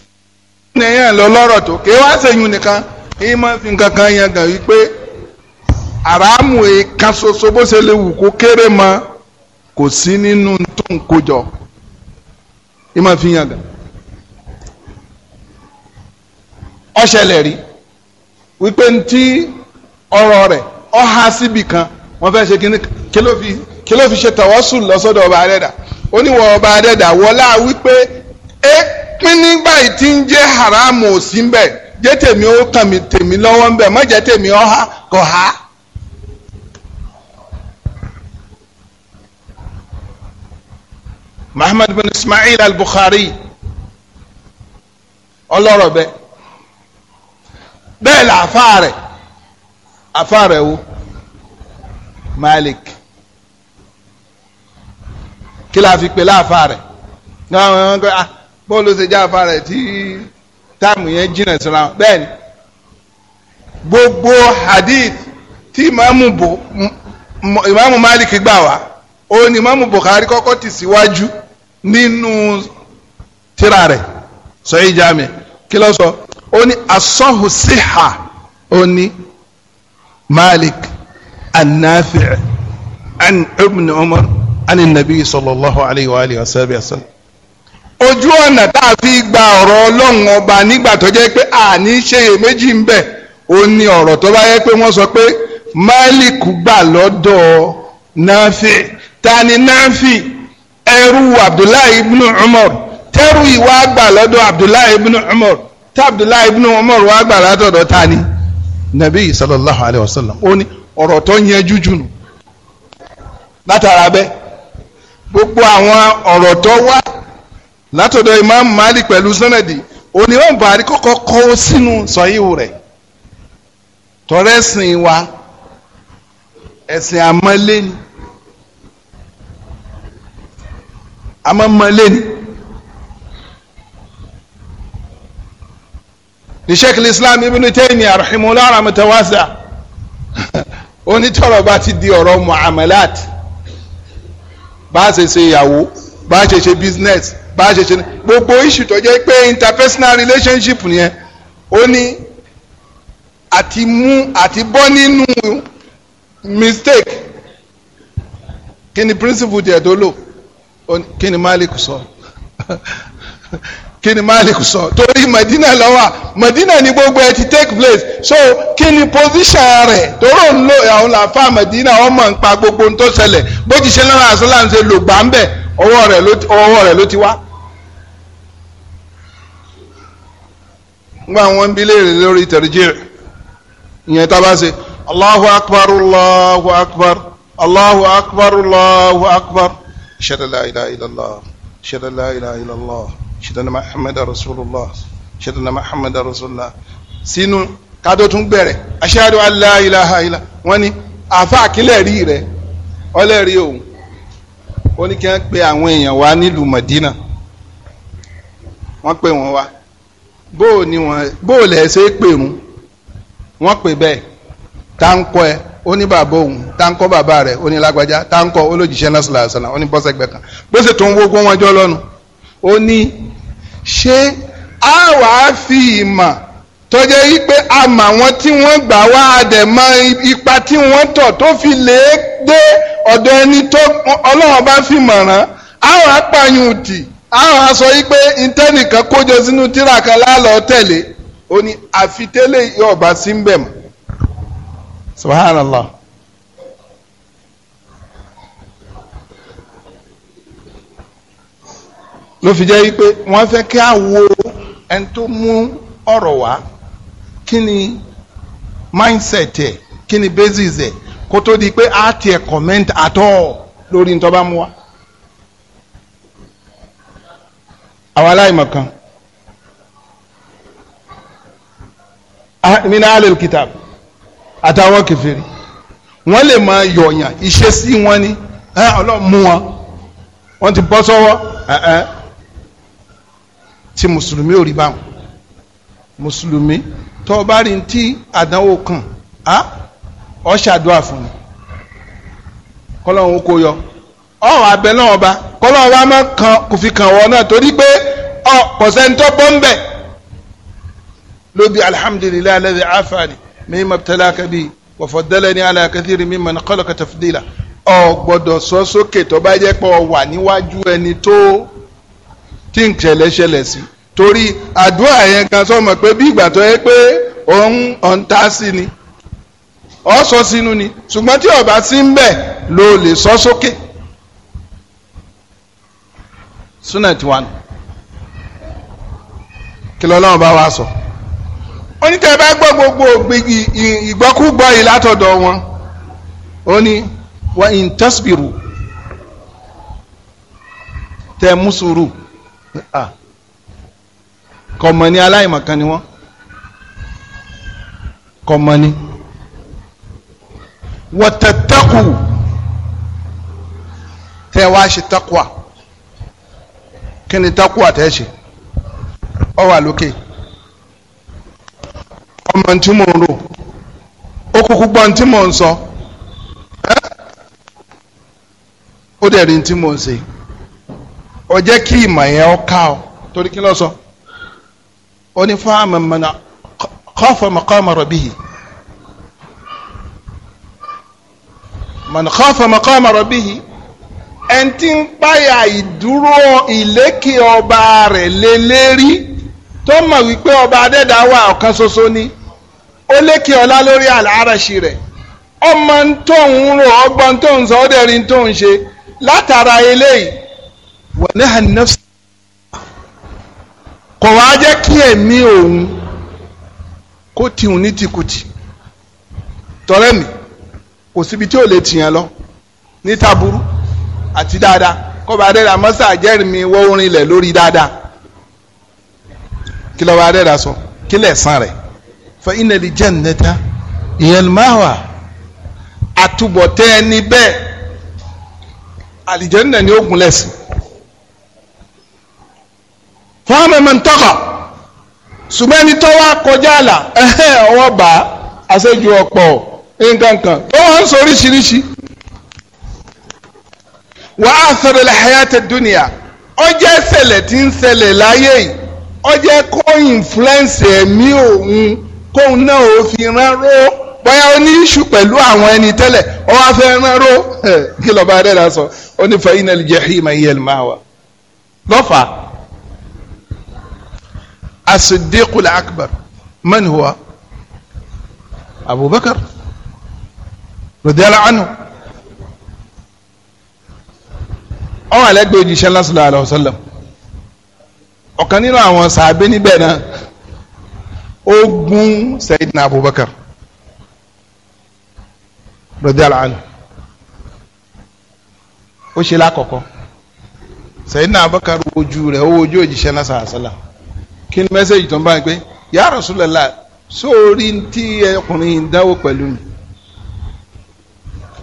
ní yẹn lọ lọ́rọ̀ tó ma wá nìkan fi nǹkan yẹn gàn wípé àràmù ìka ṣoṣo bó ṣe lè wù kó kéré mọ kò sí nínú tó ń kojọ fi yàn gàn ọha síbi kan wọ́n fẹ́ ṣe kíní kí ló fi ṣe tawassul lọ́sọ́dọ̀ ọba adẹ́dà oníwọ̀ ọba adẹ́dà wọlá wípé ẹ pín nígbà tí ń jẹ́ haramu òsì ń bẹ̀ jẹ́ tèmi ó kàn mí tèmi lọ́wọ́ ń bẹ̀ mọ́ jẹ́ tèmi ọha kọ̀ ha. Muhammad bin Ismail al-Bukhari ọlọ́rọ̀ bẹ́ẹ̀ bẹ́ẹ̀ làáfàá rẹ̀ afa rẹ̀ wo Malik kí la fi pè láàfa rẹ̀ náà wọ́n gbé ah bóòlù ṣe jẹ́ afa tí táàmù yẹn jìnnà síra bẹ́ẹ̀ ni gbogbo hadith tí ìmáàmù bo ìmáàmù Malik gbà wá ó ní ìmáàmù Bukhari kọ́kọ́ ti síwájú nínú tírà rẹ̀ sọ yìí jáàmì kí ló sọ ó ní asọ́hùn síhà ó ní. مالك النافع عن ابن عمر عن النبي صلى الله عليه وآله وسلم ojú ọ̀nà tá a fi gba ọ̀rọ̀ ọlọ́run ọba nígbà tó jẹ́ pé a ní ṣeyèméjì ń bẹ̀ ó ní ọ̀rọ̀ tó bá yẹ pé wọ́n sọ pé Malik gbà lọ́dọ̀ Nafi ta ni Nafi ẹrú Abdullahi ibn Umar tẹ́rù ìwà gbà lọ́dọ̀ Abdullahi ibn Umar tá Abdullahi ibn Umar wà gbà látọ̀dọ̀ ta nàbí sallallahu alayhi wa sallam ó ní ọ̀rọ̀ tó yẹn jújù nù látara bẹ́ẹ̀ gbogbo àwọn ọ̀rọ̀ tó wá látọ̀dọ̀ imam malik pẹ̀lú sanadi òní wọn bàárí kọ́kọ́ kọ́ sínú wa ẹ̀sìn àmọ́lé ni ni sheikh islam ibn taymiya rahimahullah rahmatawasa onítọ̀rọ̀ [LAUGHS] bá ti di ọ̀rọ̀ muamalat bá a ṣe ṣe ìyàwó bá a ṣe ṣe business bá a ṣe ṣe gbogbo issue tó jẹ́ pé interpersonal relationship yẹn ó ní àti mú àti bọ́ mistake kí principle tiẹ̀ tó lò kí ni malik [LAUGHS] kí ni Malik sọ torí Madina lọ́wọ́ Madina ni gbogbo ẹ ti take place so kí ni position rẹ̀ tóró ń lo àwọn làfa Madina ọmọ ń pa gbogbo tó ṣẹlẹ̀ bó ti ṣe lára àṣọlá ń ṣe lò gbà ń bẹ̀ ọwọ́ rẹ̀ ló ti wá. nígbà wọn ń léèrè lórí tẹ̀rẹ̀jẹ̀ ìyẹn tá a bá ṣe Allahu akbar Allahu akbar Allahu akbar Allahu akbar ṣẹlẹ̀ la ilaha illallah ṣẹlẹ̀ la ilaha illallah ṣètò ní Muhammad rasulullah ṣètò ní Muhammad rasulullah sínú kádó tún bẹ̀rẹ̀ aṣáájú aláìláhàílá wọ́n ní àfa àkílẹ̀ rí rẹ̀ ọlẹ́rí òun ó ní kí wọ́n pe àwọn èèyàn wá nílùú Madina wọ́n pe wọ́n wá bóò ni wọ́n bóò lẹ̀ ṣe é pèrún wọ́n pè bẹ́ẹ̀ táǹkọ́ ẹ ó ní bàbá òun táǹkọ́ bàbá rẹ̀ ó lágbájá táǹkọ́ olójìṣẹ́ náà sọ̀làṣọ̀là ó ní bọ́sẹ̀gbẹ̀ kan bó tó ń wógún wọn jọ lọ́nu ó ní ṣé a wàá fi ìmọ̀ tó jẹ́ wípé a mọ̀ àwọn tí wọ́n gbà wá a dẹ̀ mọ ipa tí wọ́n tọ̀ tó fi lè dé ọ̀dọ̀ ẹni tó ọlọ́run bá fi mọ̀ràn a wàá pààyàn tì a wàá sọ wípé ìtẹ́nìkan kójọ sínú tírà kan lálọ́ tẹ̀lé ó ní àfitẹ́lẹ̀ yóò bá sí ń bẹ̀ mọ́ subhanallah ló fi jẹ́ wípé wọ́n fẹ́ kí a wo ẹni tó mú ọ̀rọ̀ wá kí ni mindset ẹ̀ kí ni basis ẹ̀ kó tó di pé a tiẹ̀ comment at all lórí ní tó bá wa. àwọn aláìmọ̀ kan mina alel kitab àtàwọn kẹfìrí wọ́n lè máa yọ̀yàn ìṣesí wọn ni ọlọ́run mú wọn wọ́n ti bọ́ sọ́wọ́ tí mùsùlùmí ò rí báwọn mùsùlùmí tó bá rí tí àdánwò kàn á ọ ṣàdúrà fún mi kọlọ́run kò yọ ọ̀hún abẹ náà ba kọlọ́run wa máa kan kò fi kàn wọ́n náà torí pé ọ kò sẹ́ni tó bọ́ ń bẹ̀ lóbi alhamdulilayi alladhi afani mimma ibtalaka bi wa faddalani ala kathiri mimman khalaqa tafdila ọ gbọ́dọ̀ sọ sókè bá jẹ́ pé wà níwájú ẹni tó tí ìṣẹ̀lẹ̀ ṣẹlẹ̀ sí torí àdúrà yẹn kan sọ mọ̀ pé bí ìgbà tó yẹ pé òun ọ̀ǹta sí ni ọ sọ sínú ni ṣùgbọ́n tí ọba sí ń bẹ̀ ló lè sọ sókè sunet one kí lọ́lọ́run bá wa sọ ó bá gbọ́ gbogbo ìgbọ́kúgbọ́ yìí látọ̀dọ̀ wọn ó ní wa in tasbiru tẹ́ mú Ah. kọ̀mọ̀ ni aláìmọ̀kan ni wọ́n kọ̀mọ̀ ni wọ̀tẹ̀tẹ̀kù tẹ́ wá ṣe takwa kí ni takwa tẹ́ ṣe ọ wà lókè ọmọ tí mò ń rò ó kúkú gbọ́ tí mò ń sọ ó dẹ̀ rí tí mò ń ṣe ó jẹ́ kí ìmọ̀ yẹn ó ká ọ torí kí ló sọ ó ní fáàmù mọ̀nà khafa maqama rabbihi man khafa maqama rabbihi ẹni tí ń páyà ìdúró ìlékè ọba rẹ̀ lélẹ́rí tó mọ̀ wípé ọba adẹ́dá wà ọ̀kan ṣoṣo ni ó lékè ọlá lórí àlàárẹ̀ṣì rẹ̀ ọmọ tó ń rò ọgbọ́n tó sọ ọ́ dẹ̀rin tó ṣe látara eléyìí wọnẹhà nẹfsì kò wá jẹ́ kí ẹ̀mí òun kó tiun ní tìkùtì tọrẹ mi kò síbi tí ò lè tìyàn lọ ní taburú àti dáadáa kọba adẹ́rẹ́ amọ́sá jẹ́rìí mi orin ilẹ̀ lórí dáadáa kí lọ́ba adẹ́rẹ́ sọ kí lẹ̀sán rẹ̀ fa inali jannata ìyẹn máwà àtúbọ̀tẹ́ ẹni bẹ́ẹ̀ àlìjẹ́ nìyẹn ni ó gùn lẹ́sìn fọ́ọ̀mù mọ̀ntọ́kọ̀ ṣùgbọ́n ẹni tó wá kọjá àlà ẹ̀hẹ́ ọwọ́ bá àṣejù ọ̀pọ̀ nǹkankan tó wọ́n ń sọ oríṣiríṣi. wà á sọ̀rọ̀ lẹ́hàyàtẹ̀ dúnìyà ọjọ́ ìṣẹ̀lẹ̀ tí ń ṣẹlẹ̀ láyé yìí ọjọ́ kó ìnfúlẹ́ǹsì ẹ̀mí òun kóun náà ò fi rán ró bóyá ó ní iṣu pẹ̀lú àwọn ẹni tẹ́lẹ̀ ó wá fẹ́ rán ró [LAUGHS] kí lọ́ba adẹ́dà sọ ó ní fa iná lè jẹ́ hìmà yẹ́lmáwá lọ́fàá الصديق الأكبر من هو أبو بكر رضي الله عنه ọ̀hún àlẹ́gbẹ̀ẹ́ òjíṣẹ́ lásìlá àlọ́sọ́lọ̀ ọ̀kan nínú àwọn sàábé níbẹ̀ náà ó gún Sayyidina Abubakar radiyallahu anhu ó ṣe lákọ̀ọ́kọ́ Sayyidina Abubakar wojú rẹ̀ ó wojú òjíṣẹ́ lásìlá àlọ́sọ́lọ̀ kí ni mẹ́sẹ̀jì tó ń bá pé ya Rasulullah sórí tí ọkùnrin pẹ̀lú mi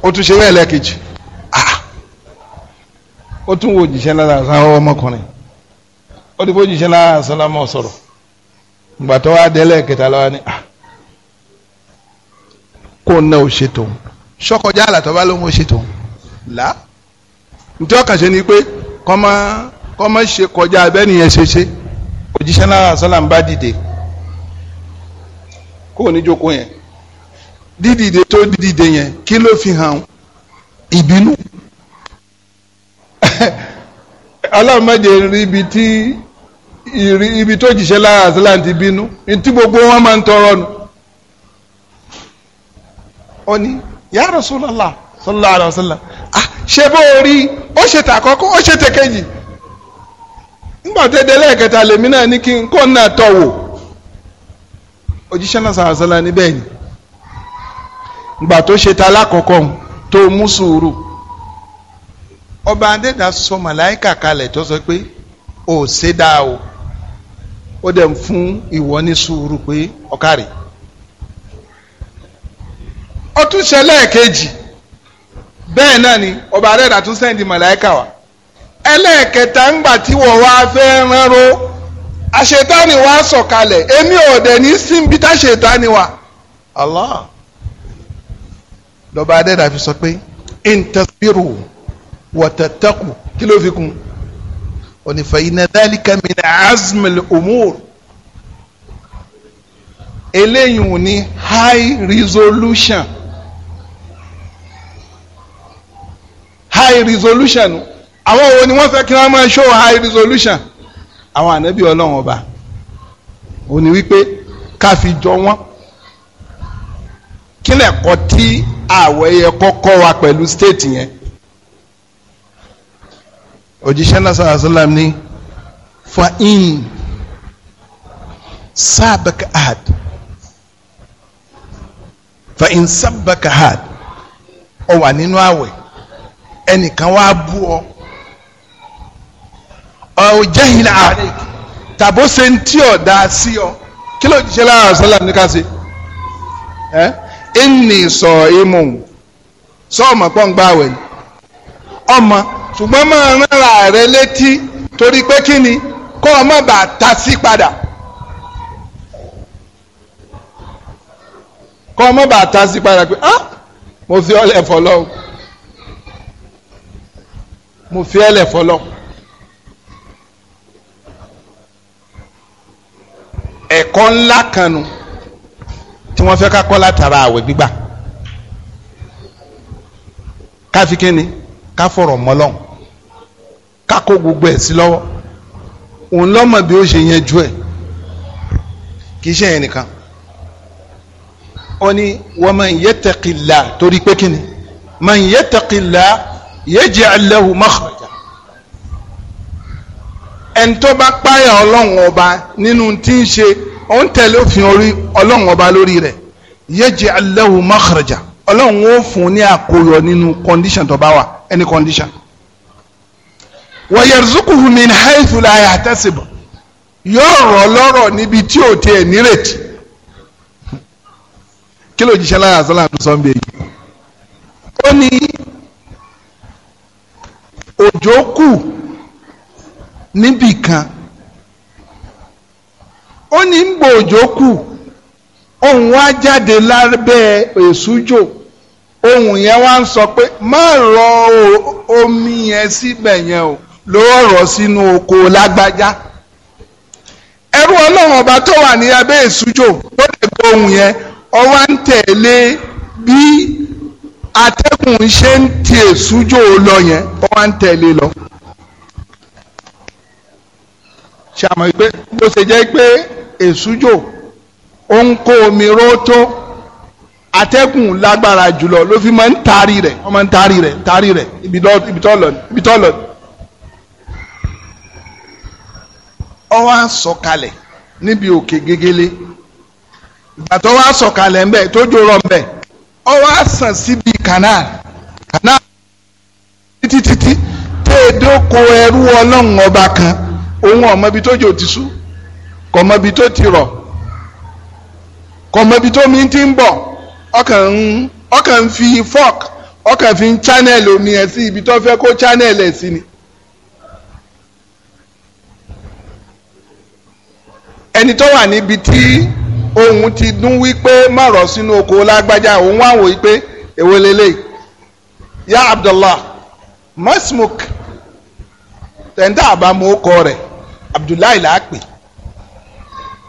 ó tún ṣe bẹ́ẹ̀ lẹ́ẹ̀kejì ah! ó tún wo jìṣẹ́ lára ọmọkùnrin ó ti fó jìṣẹ́ lára sọ̀rọ̀ ìgbà tó wá délẹ̀ kẹta lọ́wọ́ ni ah! kó ná o bá ló ń là ntí ṣe ni pé kọ́mọ́ kọ́mọ́ ṣe kọjá ṣe òjíṣẹ́ náà sọ́làm bá dìde kó níjókòó yẹn dídìde tó dídìde yẹn kí ló fi hàn ìbínú aláàmọ́jẹ [LAUGHS] ibi tí ibi tó jíṣẹ́ lára àṣìlá ti bínú tí gbogbo wọn máa ń tọrọ nù ó ní ya Rasulullah sallallahu alaihi wasallam ah ṣe bó o rí ó ṣe tàkọ́kọ́ ó ṣe tẹ̀kẹ́jì. ńgbàtẹ́dẹ́ lẹ́ẹ̀kẹta lèmi náà ní kí n ojii náà tọ̀wò òjíṣẹ́ náà sàrásálà níbẹ̀ ni ìgbà tó ṣe ta lákọ̀ọ́kọ́ tó mú sùúrù ọba adẹ́dà sọ màláìkà kalẹ̀ tó sọ pé ò ṣe dáa o ó dẹ̀ ń fún ìwọ ní sùúrù pé ọ̀kàrẹ̀ ó bẹ́ẹ̀ náà ni ọba adẹ́dà tún sẹ́ndì màláìkà wa. ẹlẹ́ẹ̀kẹta ńgbà tí wọ́n wá fẹ́ ránró àṣetáni wa sọ̀kalẹ̀ èmi ò dẹ̀ ní síbi táṣetáni wa. Allah lọ́ba adẹ́dà fi sọ pé intasbiru wọ̀tẹ̀tẹ̀kù kí ló fi kún onífẹ̀ iná dálíkà min azmil umur eléyìí ò ní high resolution high resolution. No? àwọn wo ni wọ́n fẹ́ kí wọ́n máa show high resolution àwọn ànábì ọlọ́run ọba ò ní wípé ká fi jọ wọ́n kílẹ̀ kọ́ tí àwọ̀ ẹ̀yẹ kọ́kọ́ wa pẹ̀lú state yẹn òjíṣẹ́ náà sọ̀rọ̀ sọ́lá ní fa in sábàkà had fa in sábàkà had ọ wà nínú àwẹ̀ ẹnìkan wá bú ọ ọ̀ jẹ́hìnà àlẹ́ tàbó ṣe ń tí ọ̀ dá sí ọ kí ló jíṣẹ́ lára sọ́là ní ká ṣe ẹ́ ẹnì sọ ìmù sọ́ọ̀mọ̀ pọ̀ ń gbà wẹ̀ ọmọ ṣùgbọ́n máa rárá rẹ létí torí pé kí ni kó o má ta sí padà kó o má ta sí padà pé ah mo fi ọ́ lẹ̀ mo fi ọ́ lẹ̀ ẹ̀kọ́ ńlá kan nu tí wọ́n fẹ́ ká kọ́ látara àwẹ̀ gbígbà káfi kíni ká fọ̀rọ̀ mọ́lọ́n ká kó gbogbo ẹ̀ sí lọ́wọ́ òun lọ́mọ bí ó ṣe yẹn ju ẹ̀ kì ṣe yẹn nìkan ó ní wa man yattaqillah torí pé kíni man yattaqillah yaj'al lahu makhraja ẹni tó bá páyà ọlọ́run ọba nínú tí ń ṣe ó ń tẹ̀lé òfin orí ọlọ́run ọba lórí rẹ̀ yaj'al lahu makhraja ọlọ́run ó fún ní àkóyọ nínú any condition. wa zukuhu min haythu la yahtasib yóò rọ̀ lọ́rọ̀ níbi tí ò tiẹ̀ nírètí kí ló jíṣẹ́ láyà sọ́lá ó níbì kan ó ní ń gbò wá jáde lábẹ́ èsújò ohun yẹn wá ń sọ pé má rọ omi yẹn síbẹ̀ yẹn o rọ̀ sínú oko lágbájá ẹrú ọlọ́run ọba tó wà ní abẹ́ èsújò ó lè ohun yẹn ọwá ń tẹ̀lé bí atẹ́kùn ṣe ń ti lọ lọ. ṣe àmọ́ pé bó ṣe jẹ́ pé èsújò ó ń kó omi rótó atẹ́gùn lágbára jùlọ ló fi máa ń taari rẹ̀ ó máa ń taari rẹ̀ taari rẹ̀ ibi tó lọ ibi tó lọ. ó wá sọ̀kalẹ̀ níbi òkè gegele ìgbà tó wá sọ̀kalẹ̀ ńbẹ tó jòrọ̀ ńbẹ ó wá sàn síbi canal canal títí títí tẹ́ ẹrú ọlọ́run ọba kan. òun ọmọbi tó jò ti sú kọmọbi tó ti rọ kọmọbi tó mi ti ń bọ ọkàn ń ọkàn ń fi fork ọkàn fi ń channel omi ẹ̀ sí ibi tó fẹ́ kó channel ẹ̀ sí ni. ẹni tó wà níbi tí òun ti dún wípé má sínú oko lágbájá òun wá wò wípé ya Abdullah masmuk àbámu abdullahi là á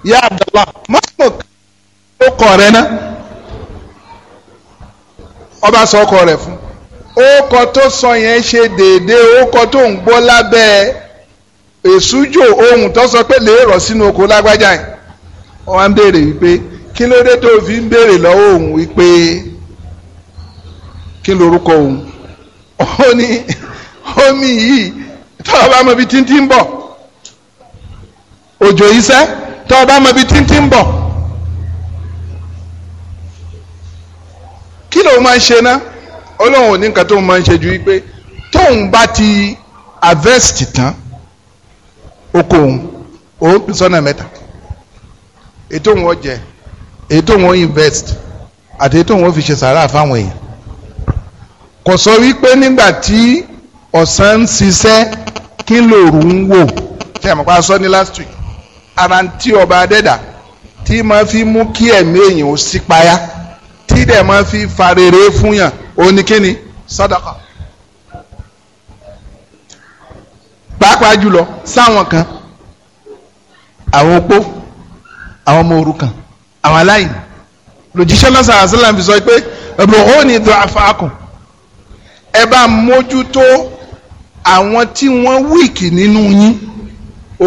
ya abdullah mọ́sùlùmọ́ o kọ rẹ ná ọba sọ ọkọ rẹ fún ó kọ tó sọ yẹn ṣe déédéé ó kọ tó ń gbọ́ lábẹ́ èsújò ohun tó sọ pé lè rọ̀ sínú oko lágbájá yìí wọ́n á ń béèrè wípé kí ló dé tó fi ń béèrè lọ́wọ́ òun wípé kí lorúkọ òun ó ní omi yìí tó o bá mọ ibi tí ń tí ń bọ̀ òjò iṣẹ́ tó o bá mọ ibi títí ń bọ̀ kí ló máa ń ṣe ná olóhùn ò ní nǹkan tó máa ń ṣe ju wípé tóun bá ti harvest tán oko òun òun pín sọ́nà mẹ́ta ètò òun ó ètò òun invest àti ètò òun fi ṣe sàárà fáwọn èèyàn kò sọ wípé nígbà tí ọ̀sán ń ṣiṣẹ́ kí lòrù ń wò tí a mọ̀ pa sọ ní last week ara tí ọba adẹ́dà tí ma fi mú kí ẹ̀mí èyàn ó sí payá tí dẹ̀ ma fi farere fún yàn oníkíni sàdákà. pàápàá jùlọ sáwọn kan àwọn opó àwọn ọmọ òrukàn àwọn aláìní lòjíṣẹ́ lọ́sàn àṣìlá fi sọ pé ẹ̀bùrọ̀hó ni dùn àfàkùn ẹ bá mójútó àwọn tí wọ́n wíìkì nínú yín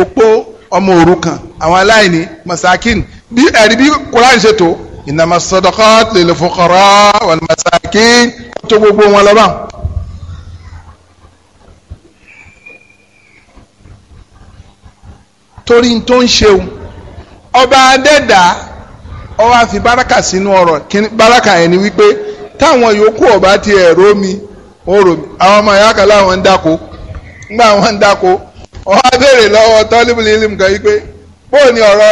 opó ọmọ òrukàn àwọn aláìní masakin bí ẹ̀rí bí kúránì ṣe tó innama sadaqat lil fuqara wal masakin tó gbogbo wọn lọ́ba. torí tó ń ṣeun ọba adẹ́dà ó wá fi báràkà sínú ọ̀rọ̀ báràkà yẹn ni wípé táwọn yòókù ọba ti ẹ̀rọ mi ó àwọn ọmọ ìyá kan láwọn ń dáko ńgbà wọn ń dáko Ọha béèrè lọ tọ́líbùlì ilé nǹkan yìí pé bóò ni ọ̀rọ̀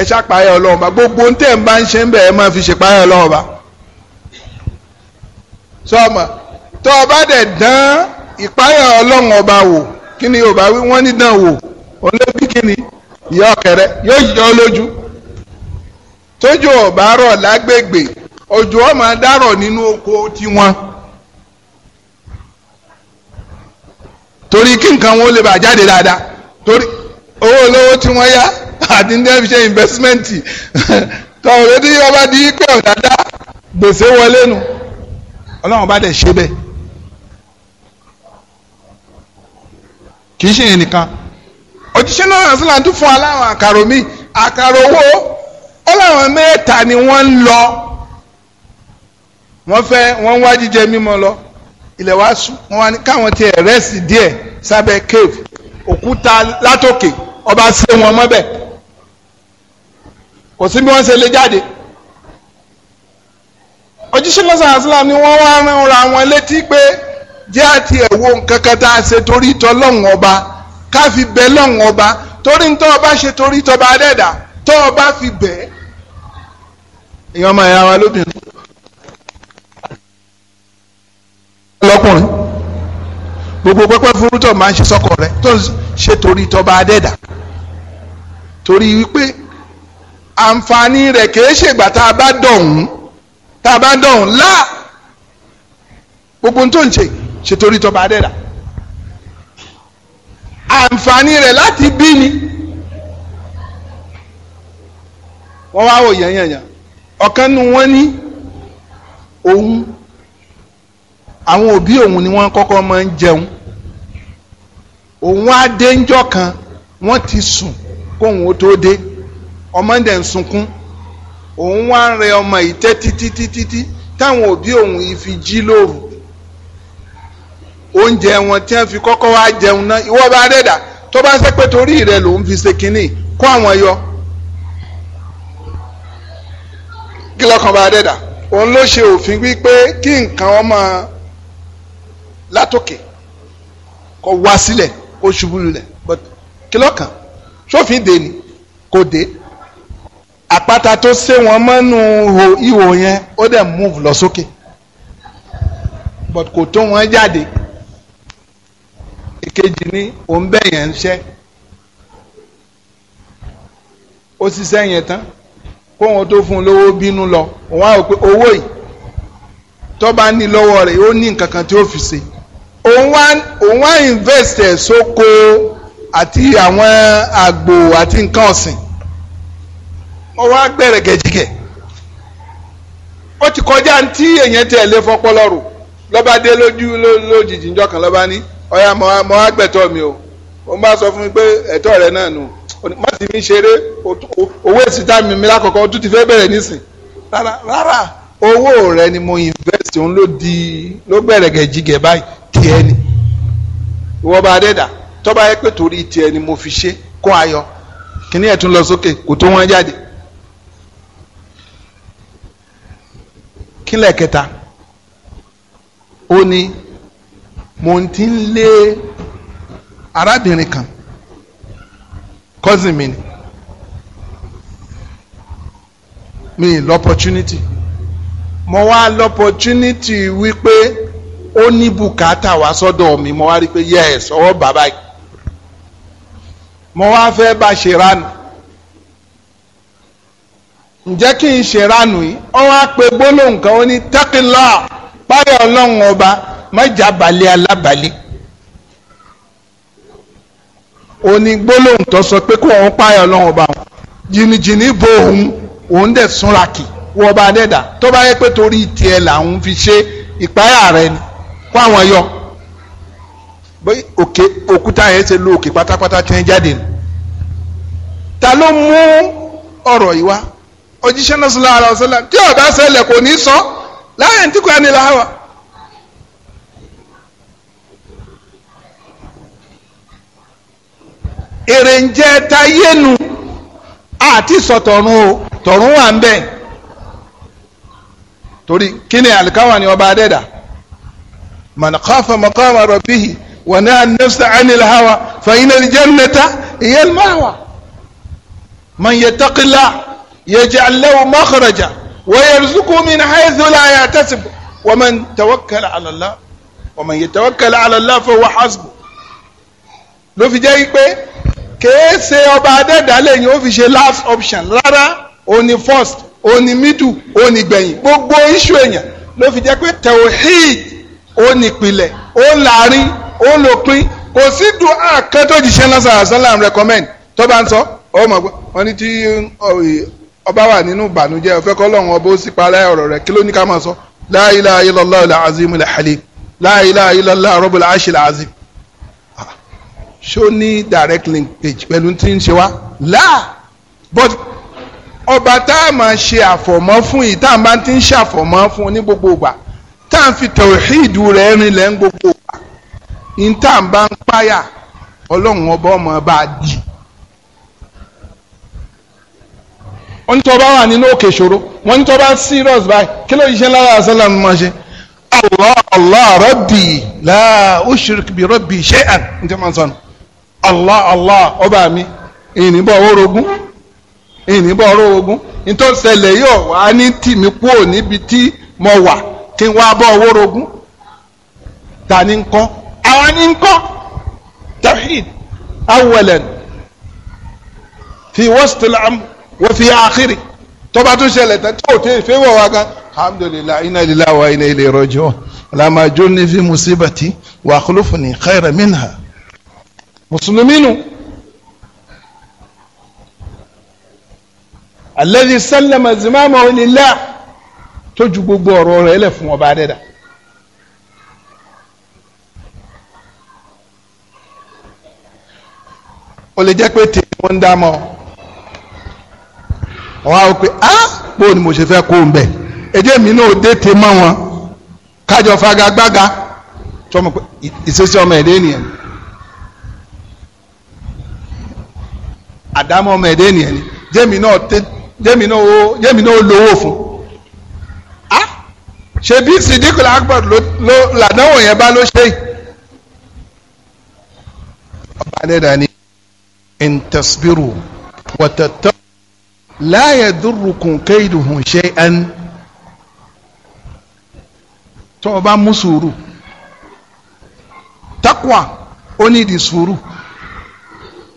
ẹ̀ṣá payọ̀ ọlọ́run bá gbogbo ń tẹ̀ ń bá ń ṣe ń bẹ̀ ẹ́ máa fi ṣe bá. sọ́ọ̀mà tó o bá dẹ̀ dán ọba wò ni wí wọ́n ní dán wò òun kí ni ìyá ọ̀kẹ́rẹ́ yóò yọ lójú tójú ọ̀bá rọ̀ lágbègbè òjò torí kí nǹkan wọn ó lè bà jáde dáadáa torí owó olówó tí wọ́n yá àti ní ẹ̀fíṣẹ́ ìnvẹ́símẹ́ǹtì [LAUGHS] tọ́wọ́ lóde yìí ọba di pé ọ̀dàdá gbèsè wọlé nu ọlọ́run bá dẹ̀ ṣe bẹ́ẹ̀ kì ṣe yẹn nìkan òjíṣẹ́ náà rẹ̀ sílá tún fún wa láwọn àkàrò mi àkàrò owó ó láwọn mẹ́ta ni wọ́n ń lọ wọ́n fẹ́ wọ́n wá jíjẹ mímọ́ lọ ilẹ̀ wa sùn wọ́n wá ní káwọn ti rẹ́sì díẹ̀ sábẹ́ cave òkúta látòkè ọba ṣe wọn mọ́bẹ̀ kò sí bí wọ́n ṣe lè jáde òjíṣẹ́ lọ́sàn àṣìlá ni wọ́n wá rán ra wọn létí pé jẹ́ àti ẹ̀wò nǹkan kan tá a ṣe torí ìtọ́ lọ́hùn ọba ká fi bẹ lọ́hùn ọba torí ń tọ́ ọba ṣe torí ìtọ́ba adẹ́dà tọ́ ọba fi bẹ́ẹ̀ èèyàn máa yára lóbìnrin lọ́kùnrin gbogbo pẹ́pẹ́ fúru tó máa ń ṣe sọ́kọ rẹ tó ń ṣe torí tọba adẹ́dà torí wípé àǹfààní rẹ̀ kìí ṣègbà tá a bá dọ̀hún tá a bá dọ̀hún lá gbogbo tó ń ṣe ṣe torí tọba adẹ́dà àǹfààní rẹ̀ láti bí ni wọ́n wá wò yẹn ọ̀kan nu wọ́n ní òun àwọn òbí òun ni wọ́n kọ́kọ́ máa ń jẹun òun á dé ńjọ́ kan wọ́n ti sùn kóun ó tó dé ọmọ dẹ̀ ń sunkún òun wá ń rẹ ọmọ yìí tẹ́ títí títí tí táwọn òbí òun yìí fi jí lóru oúnjẹ wọn tí wọ́n fi kọ́kọ́ wá jẹun náà ìwọ bá dẹ́dà tó bá ṣe pé torí rẹ lòun fi ṣe kínní kó àwọn yọ kí lọ́kàn bá dẹ́dà òun ló ṣe òfin wípé kí nǹkan ọmọ látòkè kọ́ wá sílẹ̀ ó ṣubú lulẹ̀ but kí lọ́kàn sófin dè ní kò dé àpáta tó sé wọn mọ́nú ihò yẹn ó dẹ̀ move lọ sókè but kò tó wọn jáde èkejì ní òun bẹ́ẹ̀ yẹn ń ṣẹ́ ó ṣiṣẹ́ yẹn tán kó wọn tó fún un lówó bínú lọ òun á rò pé owó yìí tó bá ní lọ́wọ́ rẹ̀ ó ní nǹkan kan tí ó fi ṣe òun wá òun wá invest ẹ̀ sóko àti àwọn àgbò àti nǹkan ọ̀sìn wọ́n wá gbẹ̀rẹ̀ gẹ̀jìgẹ̀ ó ti kọjá tí èèyàn tẹ̀ lé fọpọlọ rò lọ́ba dé lójú lójijì ńjọ́ kan lọ́ba ní ọ̀ya mọ́ àgbẹ̀tọ́ mi o mo bá sọ fún mi pé ẹ̀tọ́ rẹ náà nù má sì fi ṣeré owó ìsìta mi mi lákọ̀ọ́kọ́ tún ti fẹ́ bẹ̀rẹ̀ nísìn rárá rárá owó rẹ ni mo invest òun ló di ló bẹ̀rẹ̀ gẹ̀jìgẹ̀ báyìí tiẹ̀ ni ìwọ bá dẹ́dà tọ́ba yẹ pé torí tiẹ̀ ni mo fi ṣe kó ayọ̀ kíní ẹ̀ tún lọ sókè kò tó wọ́n jáde. kílẹ̀ kẹta ó ní mo ti lé arábìnrin kan cousin mi ni mi lọ́pọ̀tunity mo wá lọ́pọ̀tunity wípé ó ní bùkátà wá sọ́dọ̀ mi mo wá rí pé yes ọwọ́ bàbá yìí mo wá fẹ́ bá ṣe ránù ǹjẹ́ kí n ṣe ránù yìí wọ́n wá pe gbólóhùn kan ó ní tẹ́kìlá báyọ̀ ọlọ́run ọba mẹ́jà balẹ̀ alábàálẹ̀ ó ní gbólóhùn tó sọ pé kó òun páyọ̀ ọlọ́run ọba jìnnìjìnnì bo òun òun dẹ̀ súnra kì wọ́n bá dẹ́dà tó bá yẹ pé torí tiẹ̀ làwọn fi ṣe ìpáyà rẹ ni. kó àwọn yọ bó òkè òkúta yẹn ṣe lu òkè pátápátá tí jáde nù ta ló mú ọ̀rọ̀ yìí wá òjíṣẹ́ náà sallallahu alaihi wasallam tí ọ̀dà ṣẹlẹ̀ kò ní sọ láyé ntí kò á ní làwọn. èrèǹjẹ tayénu àti sọtọrun o tọrun wà ń bẹ torí kí ni ni ọba adẹ́dà man khafa maqama rabbihi wa naha nafsa anil hawa fa inna al-jannata hiya al-ma'wa man yattaqillah yaj'al lahu makhraja wa yarzuqhu min haythu la yahtasib wa man tawakkala 'ala Allah wa man yatawakkala 'ala Allah fa huwa hasbuh ló fi jẹ́ pé kèé ṣe ọba adẹ́dàá lẹ́yìn ó fi ṣe last option rárá òní first òní middle òní gbẹ̀yìn gbogbo iṣu èèyàn ló fi jẹ́ pé tawhid ó nípìlẹ̀ ó láàrin ó lópin kò sí dùá kan tó jíṣẹ́ lọ́sàn àṣàlám recommend tó bá ń sọ ọmọ wọn ni tí ọba wà nínú ìbànújẹ́ ọ̀fẹ́ kọ́ lọ́wọ́n ọba ó sì parẹ́ ọ̀rọ̀ rẹ̀ kí ló ní ká máa sọ la ilaha illallah al-azim al-halim la ilaha illallah rabbul arshil azim ah, ṣó ní direct link page pẹ̀lú tí ń ṣe wá láà but ọba tá a máa ṣe àfọ̀mọ́ fún yìí tá a máa ti ń ṣàfọ̀mọ́ fún ní gbogbo ìgbà à fi tawhid rẹ̀ rinlẹ̀ gbogbo wa ní bá ń páyà ọlọ́run ọba ọmọ bá a wọ́n ní tó bá wà nínú òkè ìṣòro wọ́n ní tó bá serious báyìí kí ló ṣiṣẹ́ lára àṣálà máa ṣe. la ushrik bi rabbi n tẹ́ máa sọnù. ọba mi ìnìbọ̀ orogún ìnìbọ̀ orogún nítorí ṣẹlẹ̀ yóò wá ní tìmí níbi tí mo wà. kí n wá bọ́ owó rogún ta ni ń kọ́ àwọn ni ń kọ́ tawhid awalan fi wastil am wa fi akhiri tọ́ba tó ṣẹlẹ̀ tán tí o tẹ́ ìfẹ́ wọ̀ wá gan alhamdulilayi inna lillahi wa inna ilayhi raji'un lama jonni fi musibati wa akhlufni khayra minha mùsùlùmí nu. sallama zimamahu lillah tó ju gbogbo ọ̀rọ̀ rẹ̀ lẹ̀ fún ọba adẹ́dà. o lè jẹ́ pé tèmi wọ́n ń dá mọ́ ọ wá wọ pé á mo ṣe fẹ́ kó o bẹ̀ ẹjẹ́ mi náà dé te mọ́ wọn kájọ fagagbága tọmọ pé ìṣesí ọmọ ẹ̀dẹ́ nìyẹn àdámọ́ ọmọ ẹ̀dẹ́ nìyẹn jẹ́mi náà jẹ́mi náà lówó fún ṣebí sidikul akbar ló làdánwò yẹn bá ló ṣe ọba adédani intasbiru wàtàtà la yadurrukum kayduhum shay'an tó o bá mú sùúrù takwa ó ní di sùúrù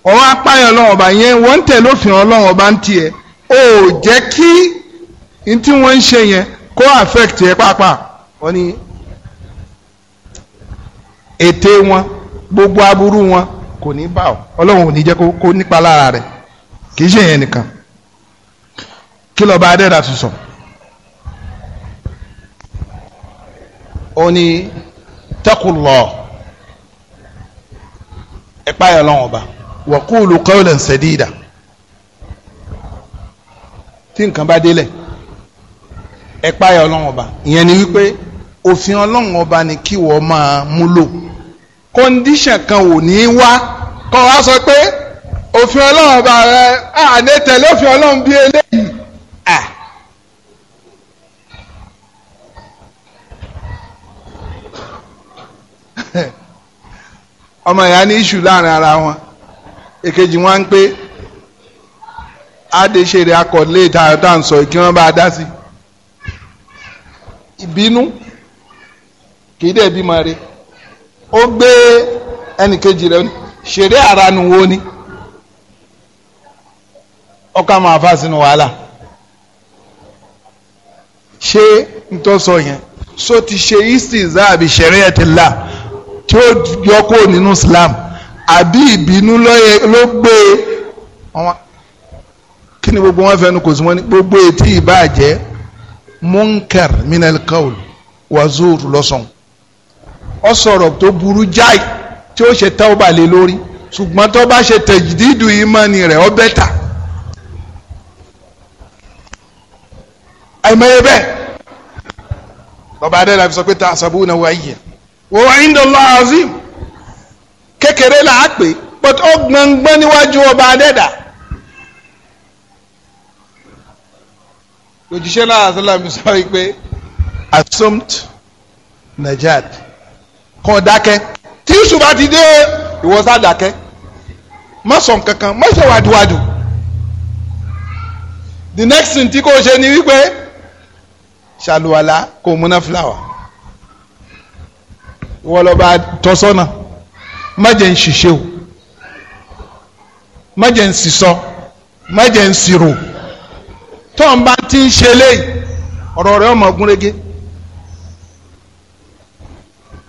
ọwọ́ apáyọ̀ ọlọ́run ọba yẹn wọ́n tẹ̀ lófin ọlọ́run ọba ń tiẹ̀ ó jẹ́ kí n tí wọ́n ń ṣe yẹn kó affect ẹ pàápàá wọ́n ní ète wọn gbogbo aburú wọn kò ní bá ọ ọlọ́run ò ní jẹ́ kó nípa lára rẹ̀ kì í ṣe yẹn nìkan kí lọ́ba adẹ́rà tún sọ. ó ní taqullah ẹ̀pá yẹn lọ́wọ́ ọba wa qulu qawlan sadida tí nǹkan bá délẹ̀ ẹ páyà ọlọ́run ọba ìyẹn ni wípé òfin ọlọ́run ọba ni kí wọ́n máa múlò kọ́ndíṣàn kan ò ní wá kọ́ wa sọ pé òfin ọlọ́run ọba rẹ àdé tẹ̀lé òfin ọlọ́run bí eléyìí. [LAUGHS] ọmọ ìyá ní iṣu láàrin ara wọn èkejì wọn ń pé adéṣeré akọ lé ìta tá à ń sọ kí wọn bá a dá sí i ìbínú kì í dẹ̀ bímọ rẹ ó gbé ẹnìkejì rẹ ṣeré ara nu wo ni ọkà máa fa sínú wàhálà ṣé n tó sọ yẹn so ti ṣe istiza àbí shariatillah tí ó yọ kó nínú Islam àbí ìbínú ló gbé e? kí ni gbogbo wọn fẹnu kò sí wọn ni gbogbo etí ìbàjẹ́ munkar minel kaul wazur lọ́sàn ọ sọ̀rọ̀ tó burú jáì tí ó ṣe tawba lé lórí ṣùgbọ́n tó bá ṣe tẹ̀jìdídù ìmọ̀ni rẹ̀ ọ bẹ́tà àìmọye bẹ́ẹ̀ lọ́ba adéla fi sọ pé ta àṣàbù náà wà yìí wọ́n wá inda Allah azim kékeré là á pè but ó gbọ̀ngbọ́n níwájú ọba adẹ́dà. lójúṣẹ́ láàzọ́là mi sọ pé assumed najad kọ́ dákẹ́ tí yusuf bá ti dé ìwọ sá dákẹ́ má sọ nkankan má ṣe wàdùwàdù the next thing tí kò ṣe ni wípé ṣàlùwàlà kò múná fúláwà ìwọ lọ bá tọ́sọ́nà má jẹ́ ń ṣiṣẹ́ o má jẹ́ ń sisọ́ má jẹ́ ń sirò tọ́n bá ti ń ṣe léyìí ọ̀rọ̀ rẹ̀ ọmọ gúnrégé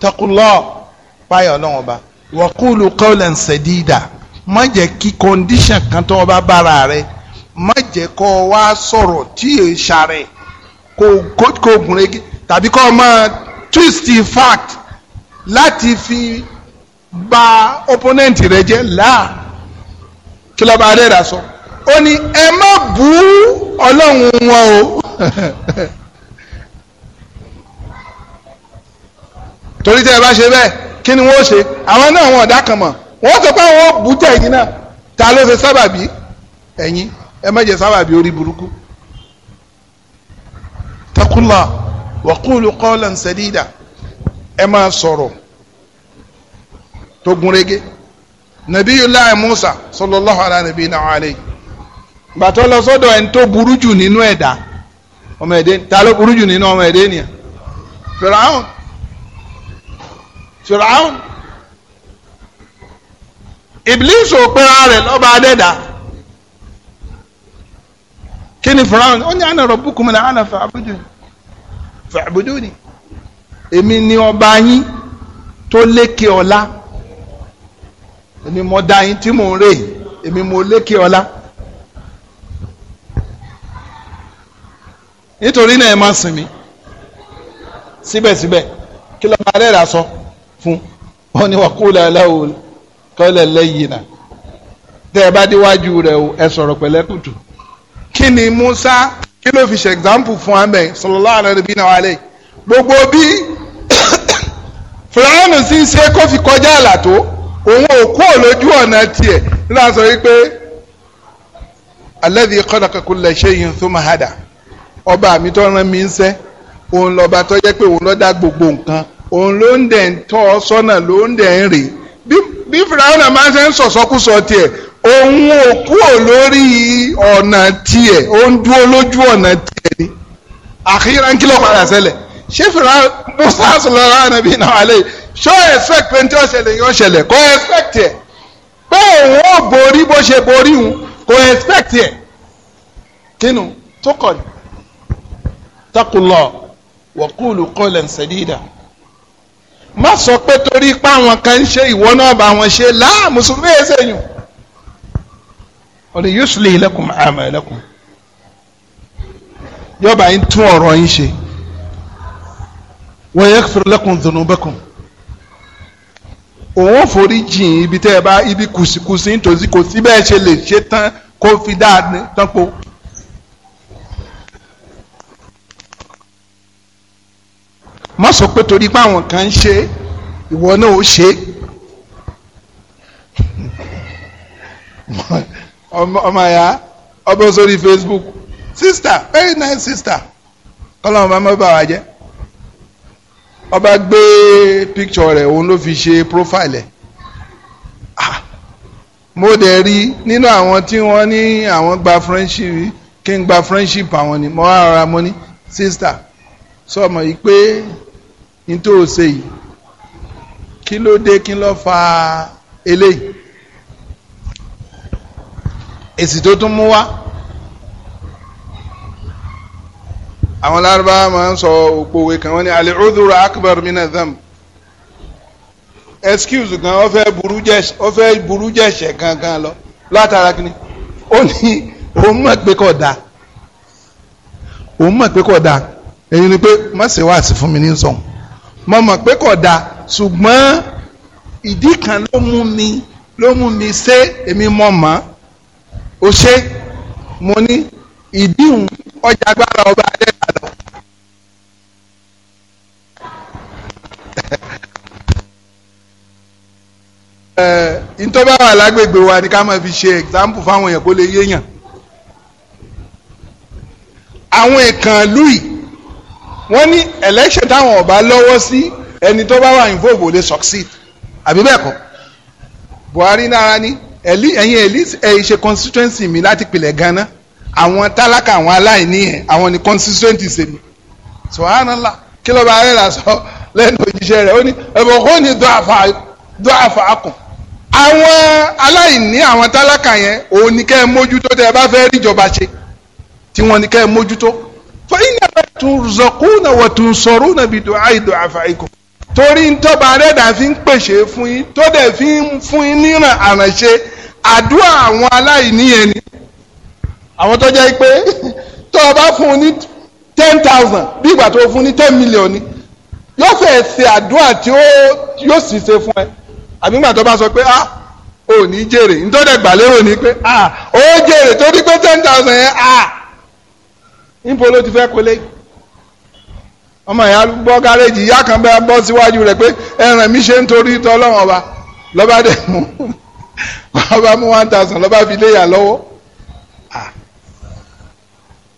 takulọ́ páyọ̀ ọlọ́run ọba wọ́kúlù kọ́lẹ̀ ṣẹ̀dídà má jẹ́ kí kọ́ndíṣàn kan tó bá bára rẹ̀ má jẹ́ kó wá sọ̀rọ̀ tí èè ṣàrẹ̀ kó gúnrégé tàbí kó máa twist fact láti fi ba opponent rẹ jẹ́ láà kí lọ́ba adẹ́rà sọ. So ó ní ẹ má bú ọlọ́run wọn o [LAUGHS] torí tẹ́ ẹ bá ṣe bẹ́ẹ̀ kí ni wọ́n ṣe àwọn náà wọn ọ̀dà kan mọ̀ wọ́n sọ pé àwọn ó bú tẹ̀ ẹ̀yin náà ta ló ṣe sábàbí ẹ̀yin ẹ má jẹ́ sábàbí orí burúkú takullah wa qulu qawlan ẹ máa sọ̀rọ̀ tó gúnrégé nabiyullah musa sallallahu ala nabiyina alayhi. gbàtọ́ lọ sọ́dọ̀ ẹni tó burú jù nínú ẹ̀dá ọmọ ẹ̀dẹ́ ta ló burú jù nínú ọmọ ẹ̀dẹ́ fìràhùn fìràhùn ìbílísù rẹ̀ lọ́ba kí ni fìràhùn ó ní àná àná ni èmi ni ọba yín tó lékè nítorí náà ẹ máa sìn mí síbẹ̀síbẹ̀ kí lọ́mọ alẹ́ rà sọ fún wọn ni wọ́n kú lẹ́lẹ́wò kọ́lẹ̀ lẹ́yìn náà tẹ́ ẹ bá déwájú rẹ̀ o ẹ sọ̀rọ̀ pẹ̀lẹ́kùtù kí ni Musa kí ló fi ṣe example fún amẹ sallallahu alaihi wa alaihi gbogbo bí [COUGHS] fúláwọnù sì ń ṣe kó fi kọjá àlà tó òun ò kú òlójú ọ̀nà tiẹ̀ nígbà sọ wípé alladhi khalaqa kulla shay'in thumma hada ọba mi tó rán mi ń sẹ́ òun lọ́ba tó jẹ́ pé òun ló dá gbogbo nǹkan òun ló ń dẹ̀ ń tọ́ ọ sọ́nà ló ń dẹ̀ ń rè bí fìlàwọ́nà máa ń ṣe ń sọ̀sọ́kùsọ tiẹ̀ òun ò kúrò lórí ọ̀nà tiẹ̀ ó ń dúró lójú ọ̀nà tiẹ̀ ni àkíyàn kí ló padà ṣẹlẹ̀ ṣé fìlàwọ́n musa sọ̀rọ̀ ànábì náà alẹ́ ṣó expect pé ní tí ó ṣẹlẹ̀ yóò ṣẹlẹ̀ kò expect ẹ̀ pé òun ò borí bó ṣe borí òun kò expect ẹ̀ kínú tó kọ̀ ní. اتقوا الله وقولوا قولا سديدا má sọ pé torí pé àwọn kan ń ṣe ìwọ náà bá wọn ṣe láà mùsùlùmí ẹ sẹ́yìn ọ̀rẹ́ yuslih lakum a'malakum yọba yín tún ọ̀rọ̀ yín ṣe wa yaghfir lakum dhunubakum òun forí jìn ibi tẹ́ ẹ bá ibi kùsìkùsì nítòsí kò sí bẹ́ẹ̀ ṣe lè ṣe tán kó fi dáa tán po má sọ pé torí pé àwọn kan ń ṣe ìwọ náà ó ṣe ọmọ ya ọbọ sórí Facebook sister very nice sister kọ́lọ́mù bá má bà wá jẹ́ ọba gbé picture rẹ̀ òun ló fi ṣe profile ẹ̀ ah mo dẹ̀ rí nínú àwọn tí wọ́n ní àwọn gba friendship kí n gba friendship àwọn ni mo rárá mo ní sister sọ ma yìí pé nítorí ó ṣe yìí kí ló dé kí ló fa eléyìí èsì tó tún mú wá àwọn lárúbá máa ń sọ òpò òwe kan wọ́n ní alẹ́ ọdúnrún akbar mina dam excuse gan ó fẹ́ burú jẹ̀ṣẹ̀ ó fẹ́ burú jẹ̀ṣẹ̀ gangan lọ látara kini ó ní òun mọ̀ pé kò dáa òun mọ̀ pé kò dáa èyí ni pé má ṣe wá sí fún mi ní sọ̀hún mo mọ̀ pé kò dáa ṣùgbọ́n ìdí kan ló mú mi ló mú mi ṣe èmi mọ̀ mọ́ o ṣe mo ní ìdíhùn ọjà agbára ọba adẹ́ta lọ. [LAUGHS] wà lágbègbè wa ni ká máa fi ṣe example fáwọn èèyàn kó lè yéèyàn. àwọn ìkànnì lùyìí wọ́n ní election táwọn ọba lọ́wọ́ sí ẹni tó bá wà involve ò lè succeed àbí bẹ́ẹ̀ kọ́ Buhari nára ni ẹ̀yin elite ẹ̀ ṣe constituency mi láti pilẹ̀ ganan àwọn tálákà àwọn aláìní yẹn àwọn ni constituency sèmi subhanallah kí ló bá rẹ̀ là sọ lẹ́nu òjíṣẹ́ rẹ̀ ó ní ẹ̀bùn kò ní dọ́ àfà akùn àwọn aláìní àwọn tálákà yẹn òun ni kẹ́ ẹ mójútó tẹ́ ẹ bá fẹ́ ríjọba ṣe tí wọ́n ni kẹ́ ẹ mójútó fẹ́yìnàmẹ́ tún zọkúnà wọ̀ tún sọ̀rọ̀ nàbí dùn àìdùn àfàìkùn. torí ntọ́ba rẹ̀dà fi ń pèsè fún yín tó dẹ̀ fi ń fún yín níran àránṣe àdúrà àwọn aláìní yẹn ni. àwọn tó jẹ́ pé [LAUGHS] tó o bá fún un ní ten thousand bí ìgbà tó o fún ní ten million ni yóò fẹ́ ṣe àdúrà tí yóò sì ṣe fún ẹ àbí ìgbà tó bá sọ pé ah ò ní jèrè ntọ́dẹ̀ gbàlérò ni pé ah ó jèrè torí pé ten thousand yẹn ah níbo ló ti fẹ́ kọ́lé ọmọ ìyá gbọ́ gáréjì ìyá kan bẹ́ẹ̀ bọ́ síwájú rẹ̀ pé ẹran mi ṣe ń torí tọ́ ọlọ́run ọba lọ́ba dẹ̀ mú [LAUGHS] ọba mú one thousand lọ́ba fi léyà lọ́wọ́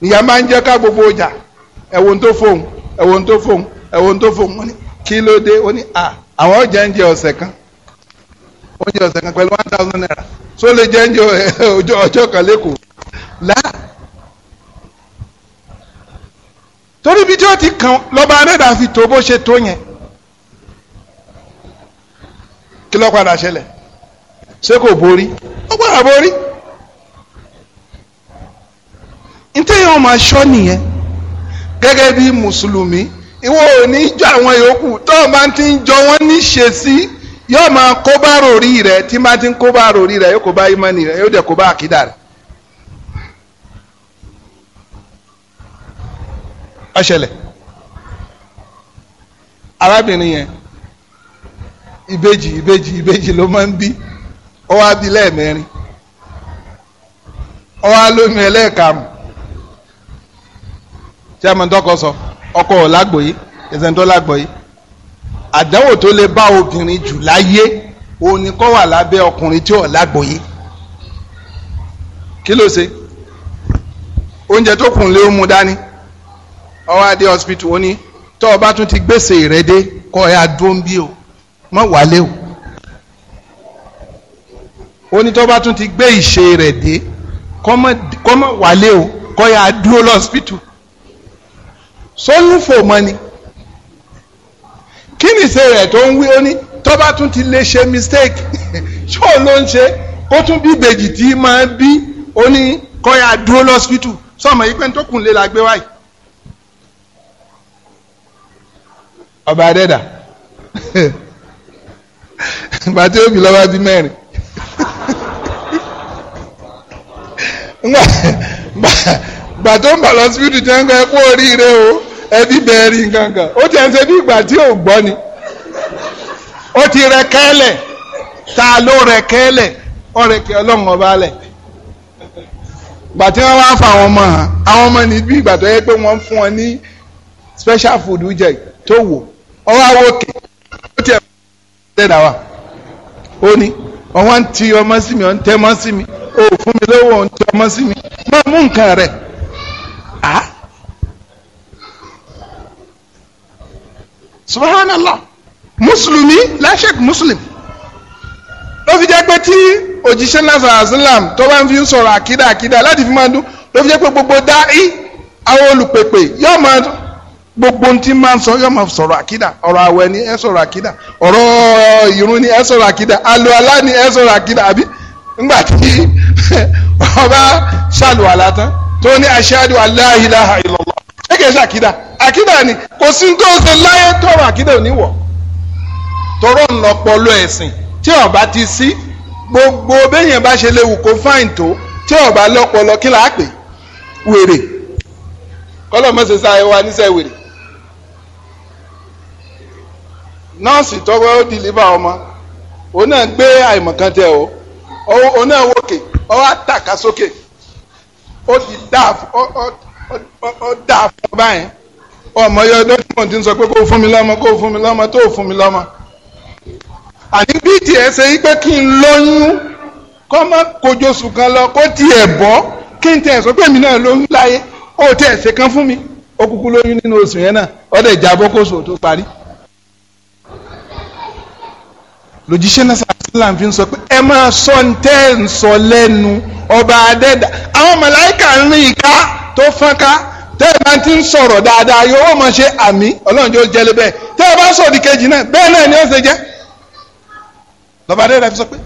ìyá máa ń jẹ́ ká gbogbo ọjà ẹ̀wọ̀n tó fóun ẹ̀wọ̀n tó fóun ẹ̀wọ̀n tó fóun wọ́n ní kí ló dé ó ní à àwọn ọjà ń jẹ ọ̀sẹ̀ kan oúnjẹ ọ̀sẹ̀ kan pẹ̀lú one thousand naira tó lè jẹ́ ń jẹ eh, ọjọ́ kan lẹ́kọ̀ọ́ torí ibi tí ó ti kàn lọ́ba anáda fi tó bó ṣe tó yẹn kí ló padà ṣẹlẹ̀ ṣé kò borí ó padà borí ntẹ́yìn ọmọ aṣọ nìyẹn gẹ́gẹ́ bí mùsùlùmí ìwọ ò ní jọ àwọn yòókù tó o bá ti ń jọ wọ́n ní sí yóò máa kó bá rò rí rẹ̀ tí máa ti ń kó bá rò rí rẹ̀ yóò kó bá ìmánì rẹ̀ yóò dẹ̀ kó bá àkídà rẹ̀. ọ̀ṣẹlẹ̀ arábìnrin yẹn ìbejì ìbejì ìbejì ló máa ń bí ó wá bí lẹ́ẹ̀mẹrin ó wá lómi ẹlẹ́ẹ̀karùn tí a máa ń dọ́kọ sọ ọkọ ò lágbòye ẹ̀sẹ̀ńtọ́ lágbòye àdánwò tó lè bá obìnrin jù láyé òun ni kọ́ wà lábẹ́ ọkùnrin tí ò lágbòye kí ló ṣe oúnjẹ tó kùn lé ó mu dání ọwọ́ adé hospital ó ní tọ́ ọ bá tún ti gbèsè rẹ dé kọ́ ẹ adóńbí o mọ̀ wálé o ó ní tọ́ ọ bá tún ti gbé ìṣe rẹ̀ dé kọ́ mọ̀ wálé o kọ́ ẹ adúró lọ́spítù sọ́yún fò mọ́ ni kí ni ìṣe rẹ̀ tó ń wí ó ní tọ́ bá tún ti lè ṣe mistake [LAUGHS] ṣó ló ń ṣe kó tún bí ìbejì tí máa bí ó kọ́ ẹ adúró lọ́spítù sọ́mọ yìí pé ń tó kùn lé la gbé wáyìí. ọba adẹ́dà ìgbà tí òbí lọ́ba bí mẹ́rin gbà tó ń bà lọ síbìtì tí wọ́n ń gbà ẹ̀kú oríire o ẹbí bẹ̀rẹ̀ nǹkan kan ó ti ẹ̀ ń ṣe ìgbà tí ò gbọ́ ni ó ti rẹ kẹ́lẹ̀ ta ló rẹ kẹ́lẹ̀ ọ̀rẹ́kẹ́ ọlọ́run ọba lẹ̀ gbà tí wá fa àwọn ọmọ hàn àwọn ọmọ ní bí ìgbà tó yẹ pé wọ́n fún wọn ní special food jẹ tó wò ọwọ́ àwọn òkè ó tiẹ̀ dẹ́dà wa ó ní ọwọ́ ń ti ọmọ sí mi ọ̀ ń tẹ́ ọmọ sí mi ó fún mi lówó ọ̀ ń tẹ́ ọmọ sí mi máa mú nǹkan rẹ̀ á. subhanallah mùsùlùmí láṣẹ mùsùlùmí ló fi jẹ́ pé tí òjíṣẹ́ nasara islam tó bá ń fi ń sọ̀rọ̀ àkídà àkídà láti fi máa dún ló fi jẹ́ pé gbogbo dá í àwọn olùpèpè yóò máa dún. gbogbo tí máa ń sọ yóò máa sọ̀rọ̀ àkídà ọ̀rọ̀ àwẹ̀ ni ẹ sọ̀rọ̀ àkídà ọ̀rọ̀ ìrun ni ẹ sọ̀rọ̀ àkídà ni ẹ sọ̀rọ̀ àkídà àbí tí [LAUGHS] ọba ṣàlùwàlá tán tó ní ṣe àkídà àkídà ni kò sí tó tọrọ àkídà ò ní wọ̀ ọba ti sí gbogbo béèyàn bá ṣe léwu kó fáìn tó tí ọba lọpọlọ kí là pè wèrè kọlọmọṣẹṣẹ àyẹ̀wò àníṣẹ wèrè nọ́ọ̀sì tọ́wọ́ ó dìlíbà ọmọ òun náà gbé àìmọ̀kan tẹ o òun náà wòkè ọwọ́ àtàkà sókè ó di dáa ó dáa fún ọ báyìí ọmọ yọ ọdún tí mo ti ń sọ pé kó fún mi lọ́mọ kó fún mi lọ́mọ tó fún mi lọ́mọ. àní bí tiẹ̀ ṣe yí pé kí n lóyún kọ́ mọ́ kojoṣù kan lọ kó tiẹ̀ bọ́ kí n tẹ̀ pé mi náà lóyún láyé ó tiẹ̀ ṣe kan fún mi ó kúkú lóyún nínú oṣù yẹn náà ó dẹ̀ jábọ́ kóṣù tó parí. lòjíṣẹ́ náà sàlám fi ń sọ pé ẹ máa sọ ń tẹ́ ń sọ lẹ́nu ọba adẹ́dà àwọn màláíkà ń rìn ká tó fọ́n ká tẹ́ ẹ bá ti ń sọ̀rọ̀ dáadáa yóò máa ṣe àmì ọlọ́run yóò jẹ́ lébẹ̀ tẹ́ ẹ bá sọ̀rọ̀ di kejì náà bẹ́ẹ̀ náà ni ó ṣe jẹ́ lọ́ba adẹ́dà fi sọ pé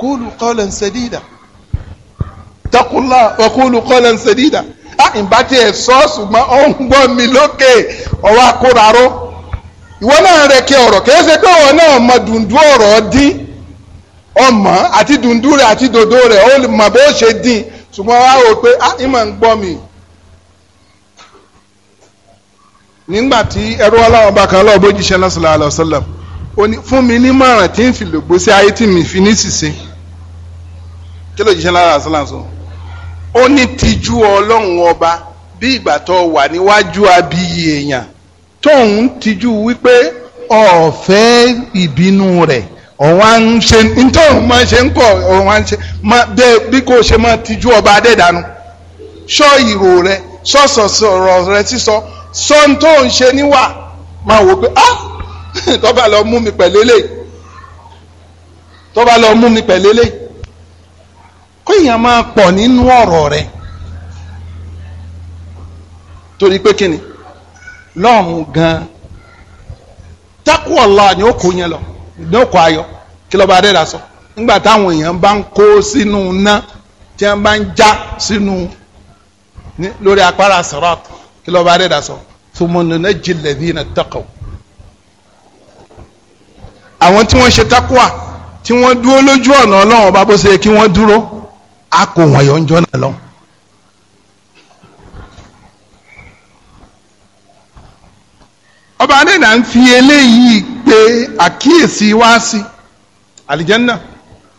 kúlù kọ́lẹ̀ ń ṣedídà tọkùnlá ọkùnlù kọ́lẹ̀ ń ṣedídà á ìbátí ẹ̀ sọ́ọ̀sù mọ́ ń gbọ́ mi lókè ọ̀wá kóraró ìwọ náà rẹ kí ọ̀rọ̀ kìí ṣe pé ìwọ náà mọ dùndú ọ̀rọ̀ dín ọmọ àti dùndú rẹ àti dòdò rẹ ó mọ bó ṣe dín ṣùgbọ́n wá wò pé á ah, ìmọ̀ ń gbọ́ mi. nígbà tí ẹrú ọlọ́run bá kan lọ́ọ́ bójúṣe sallallahu alaihi wasallam ó ní fún mi nímọ̀ràn tí ń fi lògbó sí ayé tí mi fi ní ṣìṣe kí ló jíṣẹ́ lára àṣálà sọ ó ní tijú ọlọ́run ọba bí ìgbà tó wà níwájú abiyì tóun tijú wípé ọ̀fẹ́ ìbínú rẹ̀ ọ̀wá ń ṣe nítorí máa ṣe ń kọ̀ ọ̀wá ń ṣe bẹ́ẹ̀ bí kò ṣe máa tijú ọba adẹ́dànù sọ ìrò rẹ sọ̀sọ̀sọ̀rọ̀ rẹ sísọ sọ ní ṣe níwà máa wò pé ah [LAUGHS] tọ́ba lọ mú mi pẹ̀lú eléyìí tọ́ba lọ mú mi pẹ̀lú eléyìí kó èèyàn máa pọ̀ nínú ọ̀rọ̀ rẹ torí pé kíni lọ́hùn gan takwa Allah ni ó kó yẹn lọ ni ó kó ayọ̀ kí lọ́ba adẹ́dà sọ nígbà táwọn èèyàn bá ń kó sínú ná tí wọ́n bá ń já sínú lórí apára sirat kí lọ́ba adẹ́dà sọ thumma nunajji alladhina taqaw àwọn tí wọ́n ṣe takwa tí wọ́n dúró lójú ọ̀nà ọlọ́run ọba bó ṣe kí wọ́n dúró a kò wọ̀nyọ̀ náà lọ́hùn. ọba adẹ́dà ń fi eléyìí pé àkíyèsí wá sí àlìjẹ́nà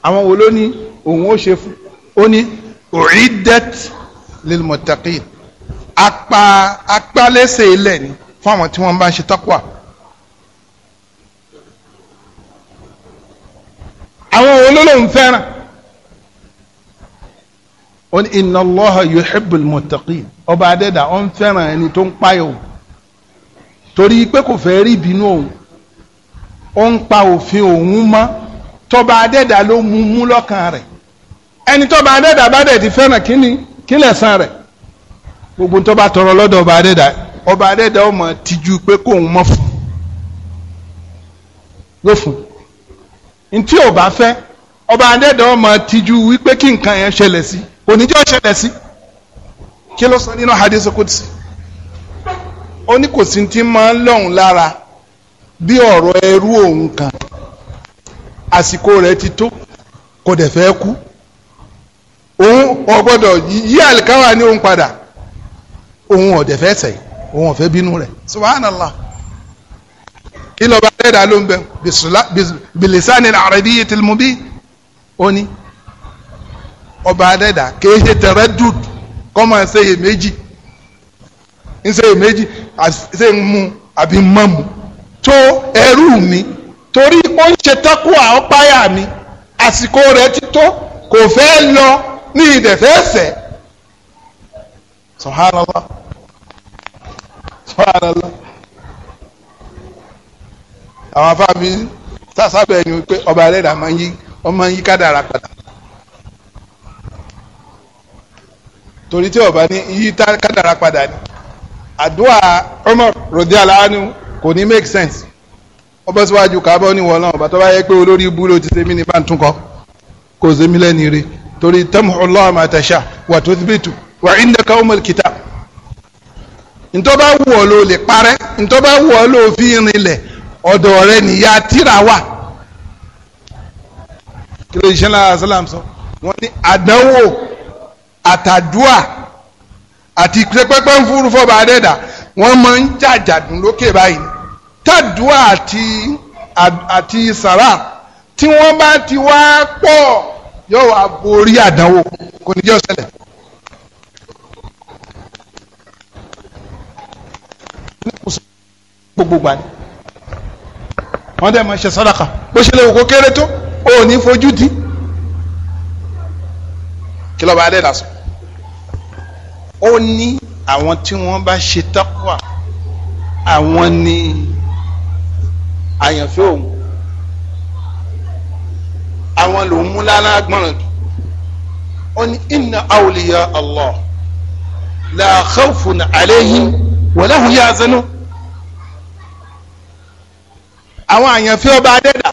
àwọn wo ló ní òun ó ṣe fún ó ní u'iddat lilmuttaqin apá apálẹ́sẹ̀ ilẹ̀ ni fún àwọn tí wọ́n bá ń ṣe taqwa. àwọn olólùm fẹ́ràn ó ní inna Allaha yuhibbul muttaqin ọba adẹ́dà ó ń fẹ́ràn ẹni tó ń páyọ̀ wò torí pé kò fẹ́ rí ìbínú òun ó ń pa òfin òun mọ́ tọba adẹ́dà ló mú mú lọ́kàn rẹ̀ ẹni tọba adẹ́dà bá dẹ̀ ti fẹ́ràn kíni kílẹ̀ san rẹ̀ gbogbo tọba tọrọ lọ́dọ̀ ọba adẹ́dà ọba adẹ́dà ó mọ̀ tijú pé kóun mọ̀ fún ló fún ntí ò bá fẹ́ ọba adẹ́dà ó mọ̀ tijú wípé kí nǹkan yẹn ṣẹlẹ̀ sí oníjọ́ ṣẹlẹ̀ sí kí ló sọ nínú hadith qudsi ó ní kò sí ti máa ń lọ́hùn lára bí ọ̀rọ̀ ẹrú òun kan àsìkò rẹ̀ ti tó kò dẹ̀ fẹ́ kú òun ọgbọ́dọ̀ yí àlìkáwà ní òun padà òun ọ̀dẹ̀ fẹ́ sẹ̀ òun ọ̀fẹ́ bínú rẹ̀ subhanallah kí lọ́ba ló ń bẹ bilisani arabi tilmubi ó ní ọba ẹ̀dá kéèyé tẹ̀rẹ́dùd kọ́ máa ṣe iyèméjì ń ṣe èméjì mu àbí mọ́ mu tó ẹrú mi torí ó ń ṣe tákùá ó páyà mi àsìkò rẹ̀ ti tó kò fẹ́ lọ ní ìdẹ̀fẹ́sẹ̀ subhanallah subhanallah àwọn afáàmì sàṣàbẹ̀ ni pé ọba rẹ̀ dà máa ń yí ọmọ yí kádàrà padà torí tí ọba ní yí kádàrà padà ni. àdúrà ọmọ rodi alaanu kò ní make sense ó bọ́ síwájú kábọ́ ní wọ́n náà bàtọ́ bá yẹ pé olórí ibú ló ti ṣe mí ní bàtúnkọ́ kò ṣe mí lẹ́ni rí torí tamhu Allah ma tasha wa tuthbitu wa indaka umul kitab ntọ́ bá wù ọ́ ló lè parẹ́ ntọ́ bá wù ọ́ ló fi rinlẹ̀ ọ̀dọ̀ rẹ nìyá tíra wà kí ló ṣe lára sọ wọ́n ní àdánwò àtàdúà. àti pẹ́pẹ́pẹ́ ń fúru fọba adẹ́dà wọ́n máa ń jàjàdùn lókè báyìí tàdúà àti àti sàrà tí wọ́n bá ti wá pọ̀ yóò wá borí àdánwò kò ní jẹ́ ọ̀sẹ̀lẹ̀. gbogbo gbà ni wọ́n dẹ̀ máa ṣe sàdákà bó ṣe lè wò kó kéré tó ò ní fojú di kí lọ́ba adẹ́dà sọ ó ní àwọn tí wọ́n bá ṣe taqwa àwọn ni àyànfẹ́ òun àwọn lòún mú lálágbọ̀n ó ní inna awliya Allah la khawfun alayhim wa lahum yahzanun àwọn àyànfẹ́ ọba adẹ́dà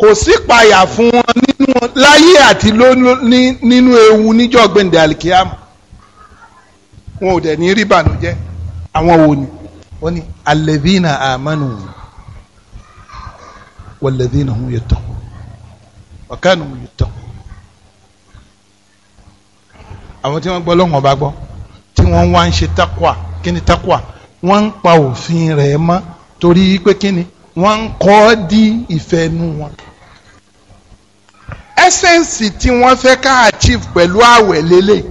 kò sí payà fún wọn nínú láyé àti nínú ewu níjọ́ gbẹ̀ǹdẹ̀ alikiyama wọn ò dẹ̀ ní rí bànújẹ́ àwọn wo ni ó ní alẹ́dínà àmánu wàlẹ́dínà hum yattaqun ọ̀kánù hum yattaqun àwọn tí wọ́n gbọ́ lọ́wọ́n ọba gbọ́ tí wọ́n wá ń ṣe takwa kí ni takwa wọ́n ń pa òfin rẹ̀ mọ́ torí pé kí ni wọ́n ń kọ́ di ìfẹ́ nu wọn ẹsẹ̀nsì tí wọ́n fẹ́ ká achieve pẹ̀lú àwẹ̀ lélẹ̀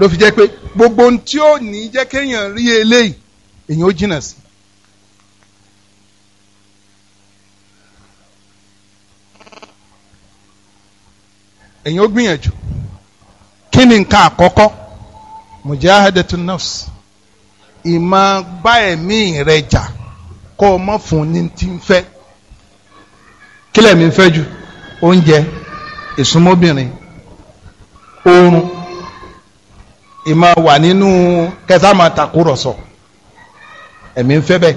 ló fi jẹ́ pé gbogbo ohun tí ó ní jẹ́ kéèyàn rí eléyìí èyàn ó jìnnà sí. èyàn ó gbìyànjú kí ni nǹkan àkọ́kọ́ mujahadatun nafs ìmọ̀ bá ẹ̀mí rẹ̀ jà kó o mọ̀ fún ní ti ń fẹ́ kílẹ̀ mi ń fẹ́ jù oúnjẹ ìsúnmọ́bìnrin oorun ìmọ̀ wà nínú kẹta máa takùrọ̀sọ ẹ̀mí ń fẹ́ bẹ́ẹ̀.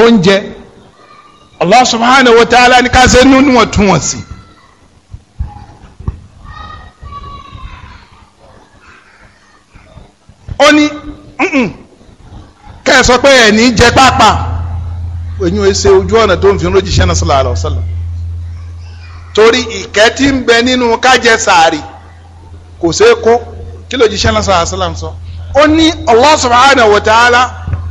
oúnjẹ Allah subhanahu wa ta'ala ní ká ṣe nínú ọ̀túnwọ̀nsì. ó ní kẹ́ ẹ sọ pé ẹ̀ ní jẹ pápá ẹ̀yin ẹ ṣe ojú ọ̀nà tó ń fi ń rojíṣẹ́ náà sallallahu alaihi wasallam torí ìkẹ́ tí ń bẹ nínú kájẹ sàárì kò ṣeé kó kí ló jíṣẹ́ lọ́sọ̀ àṣàlám sọ. ó ní Allah subhanahu wa ta'ala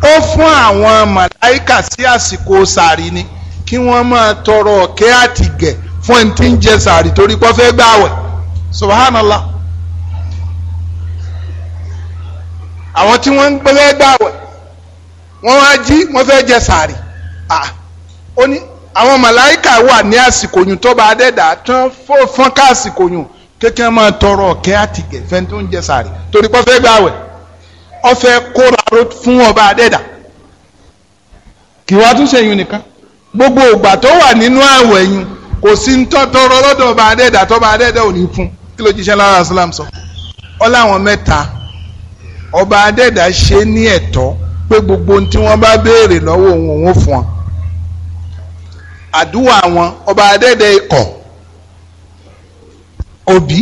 ó fún àwọn màláìkà sí àsìkò sàárì ni kí wọ́n máa tọrọ ọ̀kẹ́ àtìgẹ̀ fún ẹni tí ń jẹ sàárì torí kò fẹ́ gbààwẹ̀ subhanallah. àwọn tí wọ́n ń gbẹ́ gbààwẹ̀ wọ́n wá jí wọ́n fẹ́ jẹ sàárì ó ní àwọn màláìkà wà ní àsìkò yùn tó bá dẹ́dà tán fọ́n ká àsìkò yùn kékeré máa tọrọ ọ̀kẹ́ àtìgẹ̀ fẹ́ni tó ń jẹ sàárì torí pé ó fẹ́ gbààwẹ̀ ó fẹ́ kóra fún ọba dẹ́dà kì wá tún ṣèyún nìkan gbogbo ògbà tó wà nínú àwẹ̀ yùn kò sí ń tọrọ lọ́dọ̀ ọba dẹ́dà tó bá dẹ́dà ò ní fún kí ló jíṣẹ́ lára islam sọ ọ láwọn mẹ́ta ọba dẹ́dà ṣe ní ẹ̀tọ́ pé gbogbo ohun tí wọ́n bá béèrè lọ́wọ́ òun òun fún wọn àdúrà wọn ọba adẹ́dẹ́ ikọ̀ òbí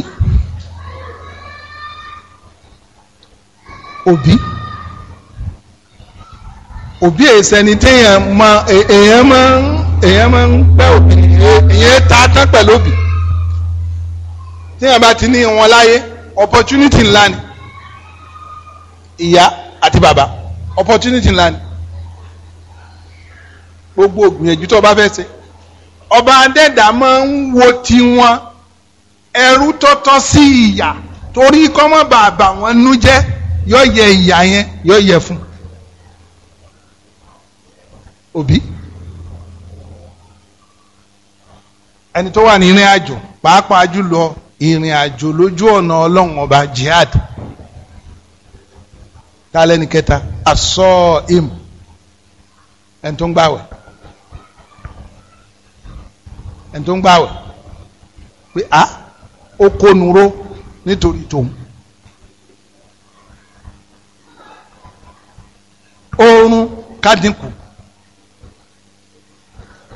òbí òbí èsẹni téèyàn mọ èèyàn mọ èèyàn mọ ń pẹ́ òbí èèyàn ta tán pẹ̀lú òbí téèyàn bá ti ní wọn láyé opportunity ńlá ni ìyá àti bàbá opportunity ńlá ni gbogbo ògbìyànjú tó o bá fẹ́ ṣe ọba adẹ́dà máa ń wo tiwọn ẹrú tọ́tọ́ sí ìyà torí kọ́mọ́ bàbà wọn nú jẹ́ yọ yẹ ìyà yẹn yọ yẹ fún òbí ẹni tó wà ní ìrìn àjò pàápàá jùlọ ìrìn àjò lójú ọ̀nà ọlọ́run ọba jihad ta lẹ́ni kẹta asọ́ im ẹni tó ń gbàwẹ̀ ẹni tó ń gbàwẹ̀ pé a ó kónuró nítorí tòun. oorun kádínkù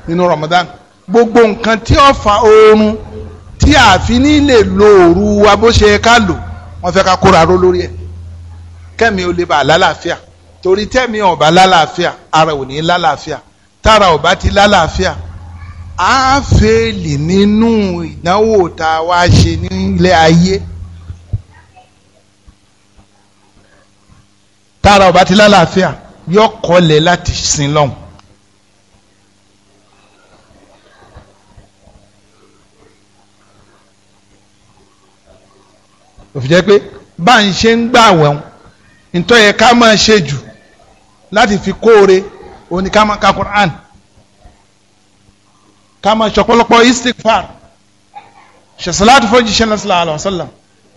nínú Ramadan gbogbo nǹkan tí ó fa oorun tí àfin ní lè lo òru wa bó ṣe ká lò wọ́n fẹ́ ká kóra ró lórí ẹ̀ kẹ́mi ò lè bá lálàáfíà torí tẹ́mi ọ̀bá lálàáfíà ara ò ní lálàáfíà tára ọ̀bá ti lálàáfíà á fèèlì nínú ìdánwò tá a wá ṣe nílé ayé. tára ọba ti lálàáfíà yóò kọlẹ̀ láti sin lọ́hùn. òfin jẹ́ pé bá ń ṣe ń gbà wẹ̀hún ntọ́ yẹ ká máa ṣe jù láti fi kóore oníkàmá Qur'an ká máa ṣọ̀pọ̀lọpọ̀ istikfar ṣẹṣẹláàtú fọjì ṣẹlẹ ṣẹlẹ àlọsọlá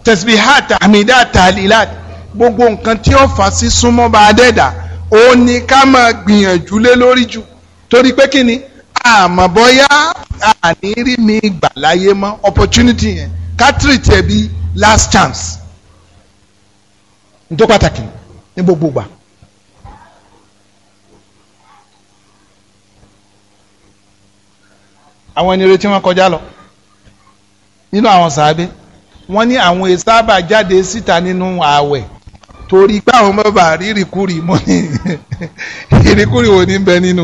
tẹsibíhàt àmìdá tàlílàt gbogbo nǹkan tí ó fà sí súnmọ́ bá a dẹ́dà ó ní ká máa gbìyànjú lé lórí jù torí pé kí ni àmọ́ mi gbà láyé mọ́ opportunity yẹn ká treat ẹ̀ bí last chance ní tó pàtàkì ní gbogbo gbà. àwọn ẹni retí wọn kọjá lọ nínú àwọn sàábé wọ́n ní àwọn èsáàbà jáde síta nínú ààwẹ̀ torí pé àwọn bàbá rí ìrìkúrì mọ́ ní [LAUGHS] ìrìkúrì wo ní bẹ nínú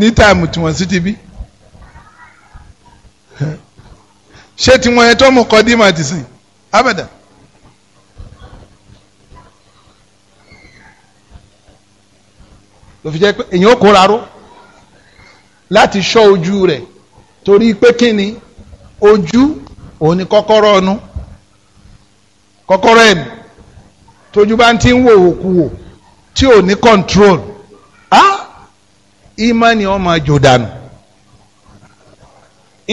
ní táàmù tí wọ́n sì ti bí ṣé tiwọn ẹ tó mú kọ́ dí màtí sìn abẹ́dà. lọ́fi jẹ́ pé èèyàn kóra ró láti ṣọ́ ojú rẹ̀ torí pé kí ni ojú òun ni kọ́kọ́rọ́ ọnu kọ́kọ́rọ́ ẹ̀mí tójú bá ń ti ń wò òkú wò tí ò ní control ah ìmánì ọmọ jò dànù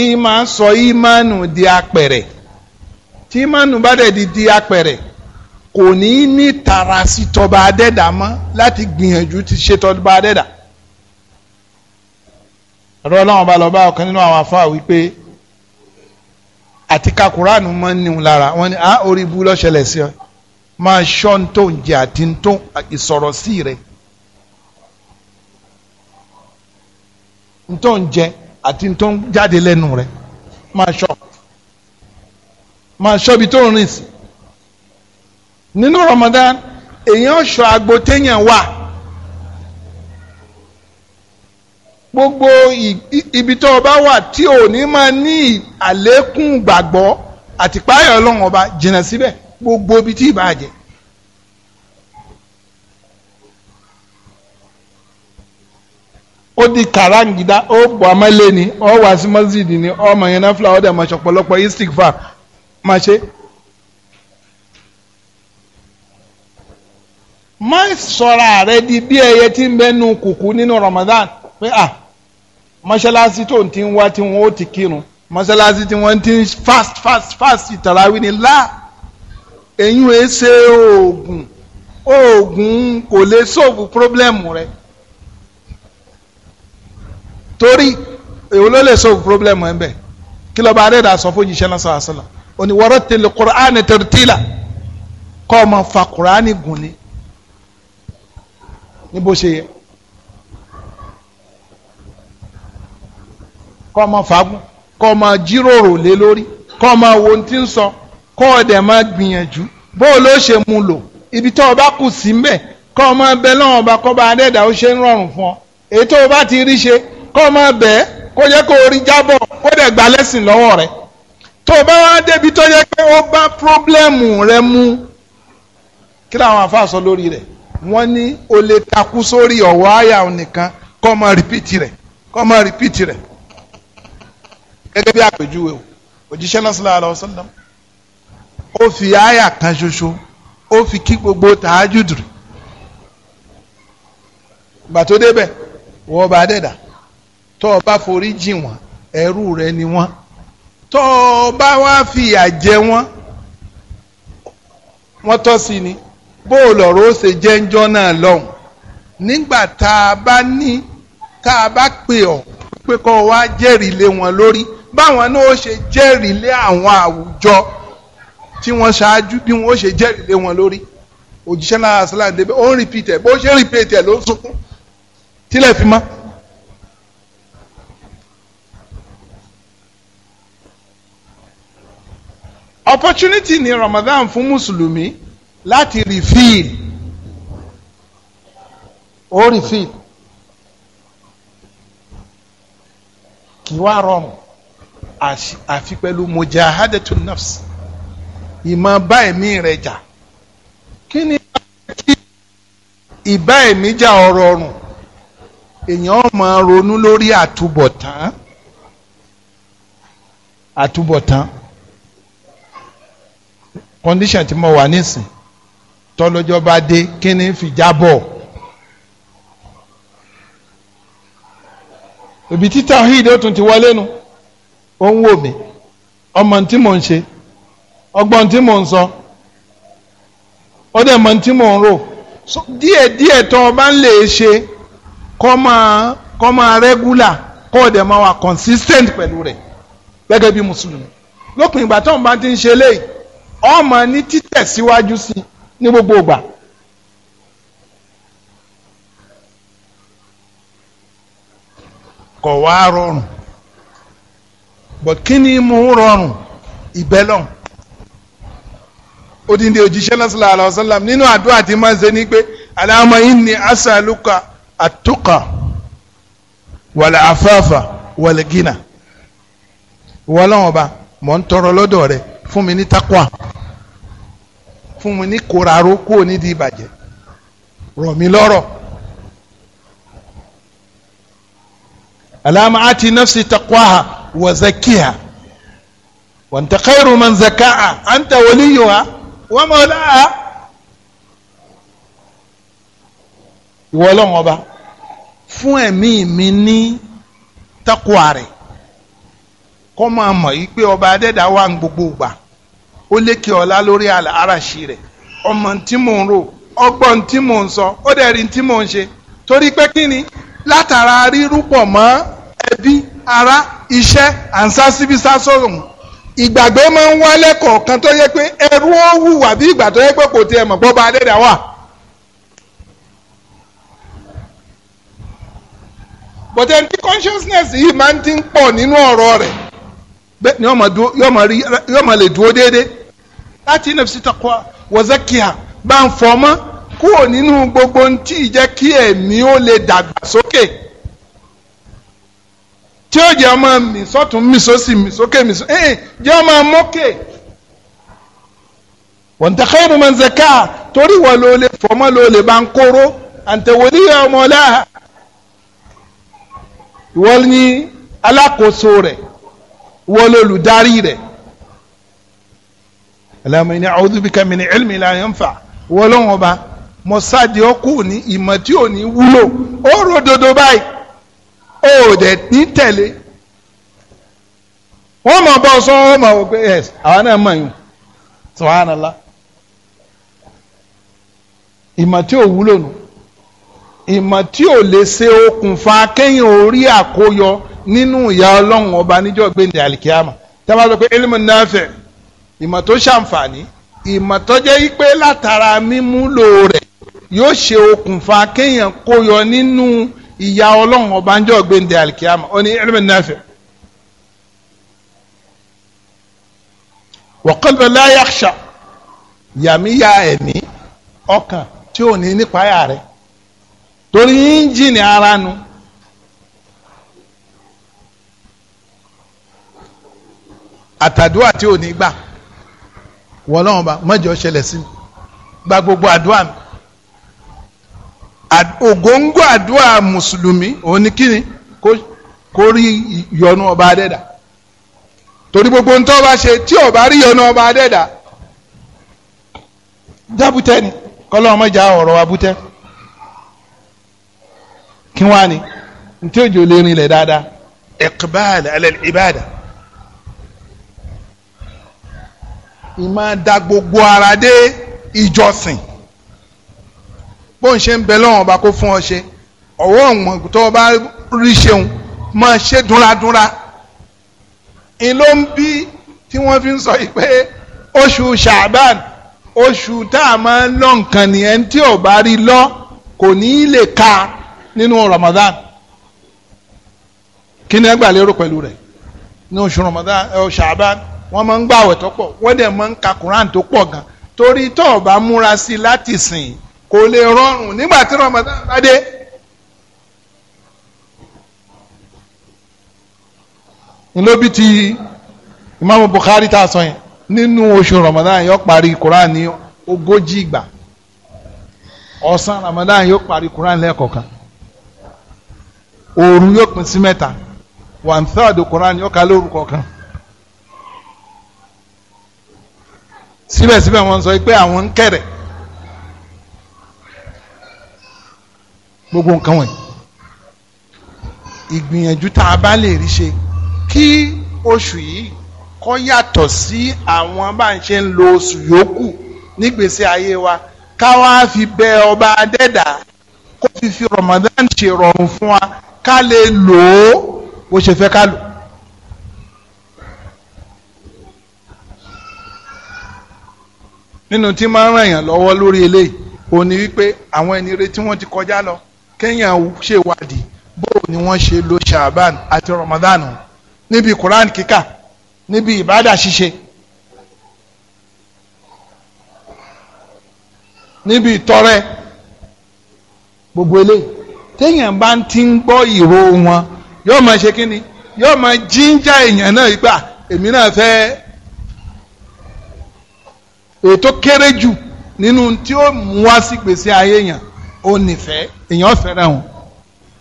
ìmá sọ ìmánù di apẹ̀rẹ̀ tí ìmánù bá dẹ̀ di di apẹ̀rẹ̀ kò ní ní tara sí tọba adẹ́dà mọ́ láti gbìyànjú ti ṣe tọba adẹ́dà ọ̀dọ̀ ọlọ́run bá lọ bá ọ̀kan nínú àwọn afá wípé àti ka kuranu mọ́ níhun lára wọ́n ní a orí ibú lọ́ṣẹlẹ̀ sí ọ máa ṣọ́ ń tó ń jẹ àti ń tó ìsọ̀rọ̀ sí rẹ̀ ń tó ń jẹ àti ń tó ń jáde lẹ́nu rẹ̀ máa ṣọ́ máa ṣọ́ ibi tó ń rìn sí nínú Ramadan èèyàn ṣọ́ agbo téèyàn wà. gbogbo ibi tó o bá wà tí o ní máa ní àlékún gbàgbọ́ àti páyọ̀ ọba jìnnà síbẹ̀ gbogbo ibi tí ì jẹ. ó di kàrangídá ó bọ̀ amálé ni ó wà sí mọ́sídìí ni ọmọ yẹn náà fúláwọ́ máa ṣọ̀pọ̀lọpọ̀ máa ṣe. má sọ̀rọ̀ di bí ẹyẹ Ramadan pé ah, mọ́ṣáláṣí tó ti ń wá tí wọ́n ó ti kírun mọ́ṣáláṣí tí wọ́n ti ń fast fast fast ìtàràwí ni lá èyún ẹ ṣe oògùn oògùn kò lè sóògùn pírọ́blẹ́mù rẹ torí èwo ló lè sóògùn pírọ́blẹ́mù ẹ bẹ́ẹ̀ kí lọ́ba adéda sọ fún jíṣẹ́ náà sọ̀rọ̀ sọ̀rọ̀ òní tẹ̀lé kùránì tẹ̀rẹ̀tìlà kọ́ ọ ma fa kùránì gùn ni ní bó ṣe yẹ kọ́ ọmọ fagún kọ́ ọmọ jíròrò lé lórí kọ́ ọmọ wo ti ń sọ kọ́ ọdẹ máa gbìyànjú bó o ló ṣe mu lò ibi tó o bá kù sí mbẹ kọ́ ọmọ ẹbẹ lọ́wọ́ ọba kọ́ bá adẹ́dà ó ṣe ń rọrùn fún ọ èyí tó o bá ti rí ṣe kọ́ ọmọ ẹbẹ kó jẹ́ kó o rí jábọ̀ kó dẹ̀ gba lẹ́sìn lọ́wọ́ rẹ tó o bá wá débi tó yẹ pé o bá pírọ́blẹ́mù rẹ mu kí làwọn afa sọ lórí rẹ wọ́n ní o lè takú sórí ọ̀wọ́ àyà nìkan kọ́ ọmọ rìpíìtì rẹ kọ́ ọmọ rìpíìtì rẹ gẹ́gẹ́ bí àpèjúwe o òjíṣẹ́ náà sallallahu alaihi wasallam ó fi àyà kan ṣoṣo ó fi kí gbogbo tààjùdù gbà tó débẹ̀ wọ́n bá dẹ̀dà tó o bá forí jì wọ́n ẹrú rẹ ni wọ́n tó o bá wá fìyà jẹ wọ́n wọ́n tọ́ sí ni bó o ó ṣe jẹ́ ńjọ́ náà lọ́hùn nígbà tá a bá ní tá a bá pè ọ́ pé kó o wá jẹ́rìí lé wọn lórí báwọn náà ṣe jẹ́rìí lé àwọn àwùjọ tí wọ́n ṣáájú bí wọ́n ṣe jẹ́rìí lé wọn lórí òjíṣẹ́ náà àṣàlà débẹ̀ ó ń repeat ẹ̀ bó ṣe ń repeat ẹ̀ ló ń sunkún tílẹ̀ fi mọ́. opportunity ni Ramadan fún mùsùlùmí láti refill ó refill kì í wá rọrùn àfi pẹ̀lú mujahadatul nafs ìmọ̀ bá ẹ̀mí rẹ̀ jà kí ni ìbá ẹ̀mí jà ọ̀rọ̀ ọ̀rùn èèyàn máa ronú lórí àtúbọ̀tán àtúbọ̀tán condition tí mo wà nísìn tọ́lọ́jọ́ bá dé kí ni fi jábọ̀ ibi tí tawhid ó tún ti wọlé nu. No? ó ń wò mí ọmọ tí mò ń ṣe ọgbọ́n tí mò ń sọ ó dẹ̀ mọ tí mò ń rò díẹ̀ díẹ̀ tó o bá ń lè ṣe kọ́ máa kọ́ máa regular kó o máa wà consistent pẹ̀lú rẹ̀ gẹ́gẹ́ bí mùsùlùmí lópin ìgbà tó ń bá ti ń ṣe léyìí ọmọ ní títẹ̀síwájú sí ní gbogbo ìgbà. kò wá rọrùn but kí ni mo rọrùn ìbẹ́lọ̀ odindi òjíṣẹ́ náà sallallahu alaihi wasallam nínú àdúrà tí máa ń ṣe ni pé alama inni asaluka atuka wàlẹ̀ afáfà wàlẹ̀ gínà wọ́lọ́wọ́n ba mọ̀ ń tọrọ lọ́dọ̀ rẹ fún mi ní takwa fún mi ní kóraró kúrò nídìí ìbàjẹ́ rọ̀ mí lọ́rọ̀. alama ati nafsi takwaha wantakairu ma nzaka a an tewali yiwu ha wamo la a iwolon oba fun emi mi ni takuwa re koma mo yi pe oba adeda wa n gbugbu gba o leke ola lori ala'ara shi re o mo n timo n ro o gbon timo n so o daeri n timo n se tori pekini latara ri rupo ma ebi ara iṣẹ́ ànsásíbísá sọ̀rọ̀ ìgbàgbé máa ń wálé kọ̀ọ̀kan tó yẹ pé ẹrú ó hùwà bí ìgbà tó yẹ pé kò tiẹ̀ mọ̀ bọ́ba adéda wà. consciousness yìí máa ti ń pọ̀ nínú ọ̀rọ̀ rẹ̀ bẹ́ẹ̀ ni yóò máa lè dúró déédéé láti nafsi taqwa wọ́sẹ̀kìá bá ń gbogbo ntí kí ẹ̀mí ó lè dàgbà sókè. tí ó jẹ́ ọmọ mi sọ́tún mi sósì mi sókè mi sókè ẹ̀ eh, jẹ́ ọmọ mọ́kè. wọ́n tẹ xeyìrì mọ̀ nzẹ̀ká torí wọ́n ló lè fọmọ́ ló lè bá ń kóró àǹtẹ̀wòlí ọmọ ọ̀la ìwọ́n ní alákòóso rẹ̀ ìwọ́n lólùdarí rẹ̀. Allahumma inni a'udhu bika min ilmin la yanfa wọ́n lọ́wọ́ ba mọ̀sáde ọkùnrin ìmọ̀ tí ò ní wúlò ó ròdodo báyìí ó dẹ̀ ní tẹ̀lé wọ́n mọ̀ bọ́ sọ wọ́n mọ̀ wọ́n pé yes àwa náà mọ̀ yín subhanallah ìmọ̀ tí ò wúlò nù ìmọ̀ tí ò lè ṣe okùnfà kẹ́yìn orí àkóyọ nínú ìyá ọlọ́run ọba níjọ́ gbẹ̀ndẹ̀ àlìkíyàmà tí a bá sọ pé elimu náfẹ̀ ìmọ̀ tó ṣàǹfààní ìmọ̀ tó jẹ́ pé látara mímúlò rẹ̀ yóò ṣe okùnfà kẹ́yìn kóyọ nínú ìyá ọlọ́run ọba ń jọ gbẹ̀ǹdẹ̀ alikiyama ó ní ilmu nafi. wa qalba la yakhsha yàmíyà ẹ̀mí ọkàn tí ò ní nípa ayà rẹ̀ torí ẹ́ńjìnì ara nu. àtàdúrà tí ò ní gbà wọ́n lọ́wọ́n bá mọ́jọ́ ṣẹlẹ̀ sí gba gbogbo àdúrà mi ogongo àdúrà mùsùlùmí òun ni kíni kó rí ìyọnu ọba adẹ́dà torí gbogbo ń tọ́ ti ṣe tí ó bá rí ìyọnu ọba adẹ́dà jábútẹ́ ni kọ́lọ́ ọmọ ìjà ọ̀rọ̀ abútẹ́ kí wá ni ntí òjò lè rin dáadáa iqbal ala al-ibada ìmọ̀ da ara dé ìjọsìn. bó ń ṣe ń bẹ lọ́wọ́n ọba kó fún ọ ṣe ọ̀wọ́ ọ̀wọ́n tó ọba rí ṣeun máa ṣe dúnradúnra ń ló ń bí tí wọ́n fi ń sọ yìí pé oṣù ṣàbàn oṣù tá a máa ń lọ nǹkan nìyẹn tí ò bá rí lọ kò ní í lè ka nínú Ramadan kí ni ẹ lérò pẹ̀lú rẹ̀ ní oṣù Ramadan ẹ ṣàbàn wọ́n máa ń gbàwẹ̀ tó pọ̀ wọ́n dẹ̀ máa ń ka Quran tó pọ̀ gan torí tó o bá múra sí i láti sìn kò lè rọrùn nígbà tí Ramadan bá dé. ńlọbi ti Imam Bukhari tá sọ yẹn nínú oṣù Ramadan yóò parí Quran ní ogójì ìgbà ọ̀sán Ramadan yóò parí Quran lẹ́ẹ̀kọ̀kan òru yóò pin sí mẹ́ta one third Quran yóò ka lóru kọ̀ọ̀kan. síbẹ̀síbẹ̀ wọ́n sọ pé àwọn ń kẹ̀rẹ̀ gbogbo nǹkan wọ̀nyí ìgbìyànjú tá a bá lè rí ṣe kí oṣù yìí kó yàtọ̀ sí àwọn bá ń ṣe ń lo oṣù yòókù nígbèsè ayé wa ká wá fi bẹ ọba adẹ́dà kó fi fi Ramadan ṣe rọrùn fún wa ká lè lò ó bó ṣe fẹ́ ká lò. nínú tí máa ń ràn yàn lọ́wọ́ lórí eléyìí òun ni wípé àwọn ẹni retí wọ́n ti kọjá lọ kéèyàn ṣèwádìí bóò ni wọ́n ṣe lo shaban àti ramadan níbi quran kíkà níbi ìbádà ṣíṣe níbi ìtọrẹ gbogbo eléyìí téèyàn bá ti ń gbọ́ ìró wọn yóò máa ṣe kínni yóò máa jíńjà èèyàn náà yìí pé èmi náà fẹ́ ètò kéré jù nínú tí ó mú wá sí gbèsè ayé yàn ó nífẹ̀ẹ́ èèyàn fẹ́ràn òun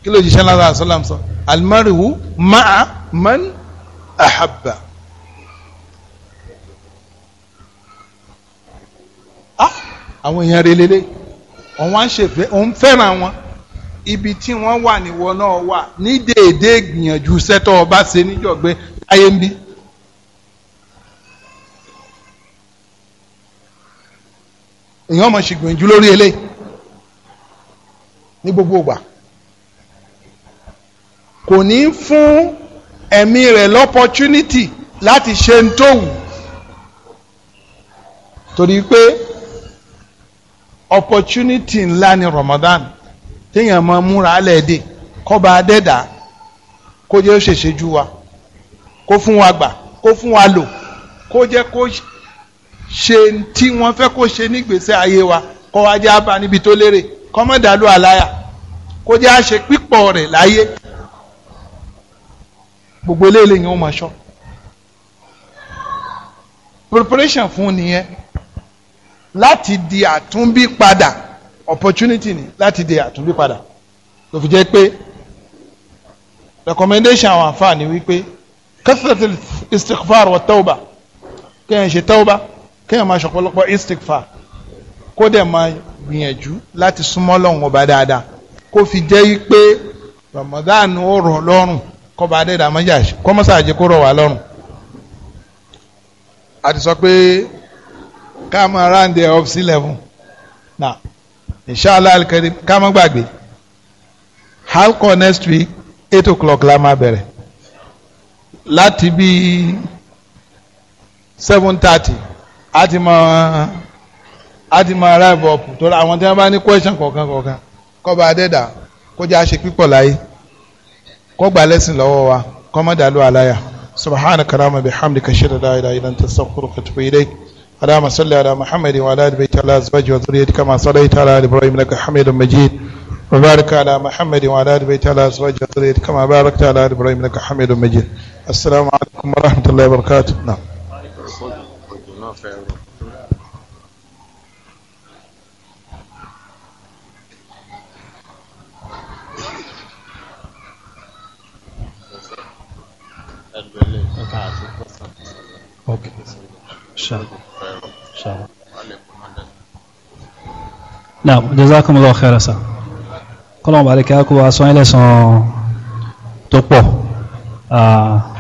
kí ló jíṣẹ́ lára àṣọlá sọ alimariwu ma'a man ahabba. Ah, àwọn èèyàn relele ọ̀wọ́n á ṣe fẹ́ òun fẹ́ràn wọn ibi tí wọ́n wà níwọ náà wà ní déédé gbìyànjú sẹ́tọ̀ ọba ṣe níjọ̀gbẹ́ ayé ń bí. èèyàn mọ̀ ṣègbìyànjú lórí eléyìí ní gbogbo ìgbà kò ní fún ẹ̀mí rẹ̀ lọ́pọ̀tunity láti ṣe ń tóhùn torí pé opportunity ńlá ni Ramadan téèyàn máa múra lẹ́ẹ̀dẹ̀ kọ́ba adẹ́dà kó jẹ́ ó ṣèṣe ju wa kó fún wa gbà kó fún wa lò kó jẹ́ kó ṣe tí wọ́n fẹ́ kó ṣe nígbésẹ̀ ayé wa kó wá jẹ́ abá níbi tó lérè kọ́mọ̀dálú aláyà kó jẹ́ àṣẹ pípọ̀ rẹ̀ láyé gbogbo eléyìí ni wọ́n máa ṣọ́ preparation fún nìyẹn láti di àtúnbí padà opportunity ni láti di àtúnbí padà ló fi jẹ́ pé recommendation àwọn àǹfààní wípé kẹsìtẹ̀tì istighfar wa tawba kẹ́hìn ṣe tawba kẹ́hìn máa ṣọ̀pọ̀lọpọ̀ istighfar kó dẹ̀ máa gbìyànjú láti súnmọ́ lọ́hùn ọba dáadáa kó fi jẹ́ yí pé Ramadan ó rọ̀ lọ́rùn kọba adẹ́dàá mọ́jà kọ́mọ́sàájì kó rọ̀ wá lọ́rùn. a ti sọ pé ká máa round there up sí eleven na inshallah alkarim ká má gbàgbé halkọ next week eight o'clock la máa bẹ̀rẹ̀ láti bíi seven thirty a ti máa á ti máa ráìbù ọ̀pù torí àwọn tí wọ́n bá ní question kọ̀ọ̀kan kọ̀ọ̀kan kọ́ba adẹ́dà kó jẹ́ àṣẹ pípọ̀ láyé kó gbà lẹ́sìn lọ́wọ́ wa kó má dàlú àláyà subhanahu karama bi hamdi kashi da da'ida idan ta sakuru ka tufi dai alama salli ala muhammadin wa ala alihi ta'ala azwaji wa zuriyati kama sallaita ala ibrahim laka hamidun majid wa baraka ala muhammadin wa ala alihi ta'ala azwaji wa zuriyati kama barakta ala ibrahim laka hamidun majid assalamu alaikum wa rahmatullahi wa barakatuh na'am Okay. Inshallah. Inshallah. Naam, jazakumullahu khairan sa. Kọ́lọ́mù Bàríkà kú wa sọ ilẹ̀ sàn tó pọ̀. Ah,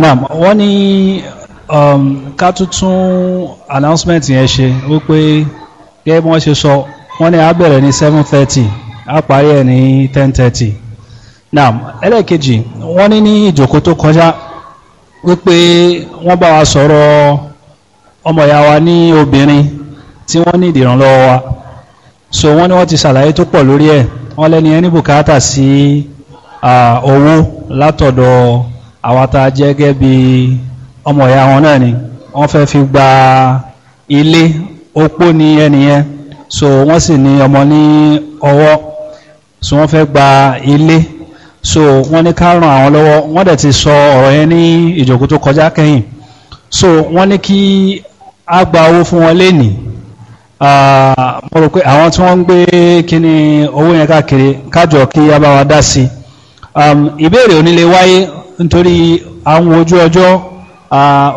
Naam, wọ́n ní um, ká tuntun announcement yẹn ṣe wípé gẹ́gẹ́ bí wọ́n ṣe sọ wọ́n ní a bẹ̀rẹ̀ ní seven thirty a parí ẹ̀ ní ten thirty. Naam, ẹlẹ́ẹ̀kejì wọ́n ní ní ìjòkó tó kọjá wípé wọ́n bá wa sọ̀rọ̀ ọmọ ìyá wa ní obìnrin tí wọ́n ní ìdìrànlọ́wọ́ wa so wọ́n ní wọ́n ti ṣàlàyé tó pọ̀ lórí ẹ̀ wọ́n lẹ́ni ẹni bùkátà sí owó látọ̀dọ̀ àwọn tá a jẹ́ gẹ́ bí ọmọ ìyá wọn náà ni wọ́n fẹ́ fi gba ilé opó ni ẹnìyẹn so wọ́n sì ní ọmọ ní ọwọ́ so wọ́n fẹ́ gba ilé so wọ́n ní ká ràn àwọn lọ́wọ́ wọ́n dẹ̀ ti sọ ọ̀rọ̀ yẹn ní ìjòkó tó kọjá kẹ́yìn so wọ́n ní kí a gba owó fún wọn lénìí mo rò pé àwọn tí wọ́n ń gbé kíni owó yẹn káàkiri kájọ kí a bá wa dá sí i. Um, ìbéèrè ò ní lè wáyé nítorí àwọn ojú ọjọ́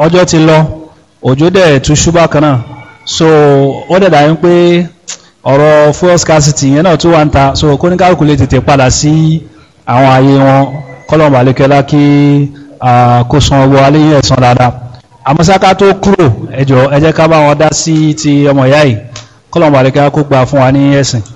ọjọ́ ti lọ òjò dẹ̀ tún ṣú bákan náà so ó dẹ̀ dàbí pé ọ̀rọ̀ fuel scarcity yẹn náà tún wà ń ta so kóníkàlùkù lè tètè padà sí àwọn ààyè wọn kọ́lọ̀mù àlékẹ́lá kí kó san owó aléyìn ẹ̀sán dáadáa àmọ́sáká tó kúrò ẹjọ́ ẹ ká bá wọn dá sí ti ọmọ ìyá yìí kọ́lọ̀mù àlékẹ́lá kó gbà fún wa ní ẹ̀sìn.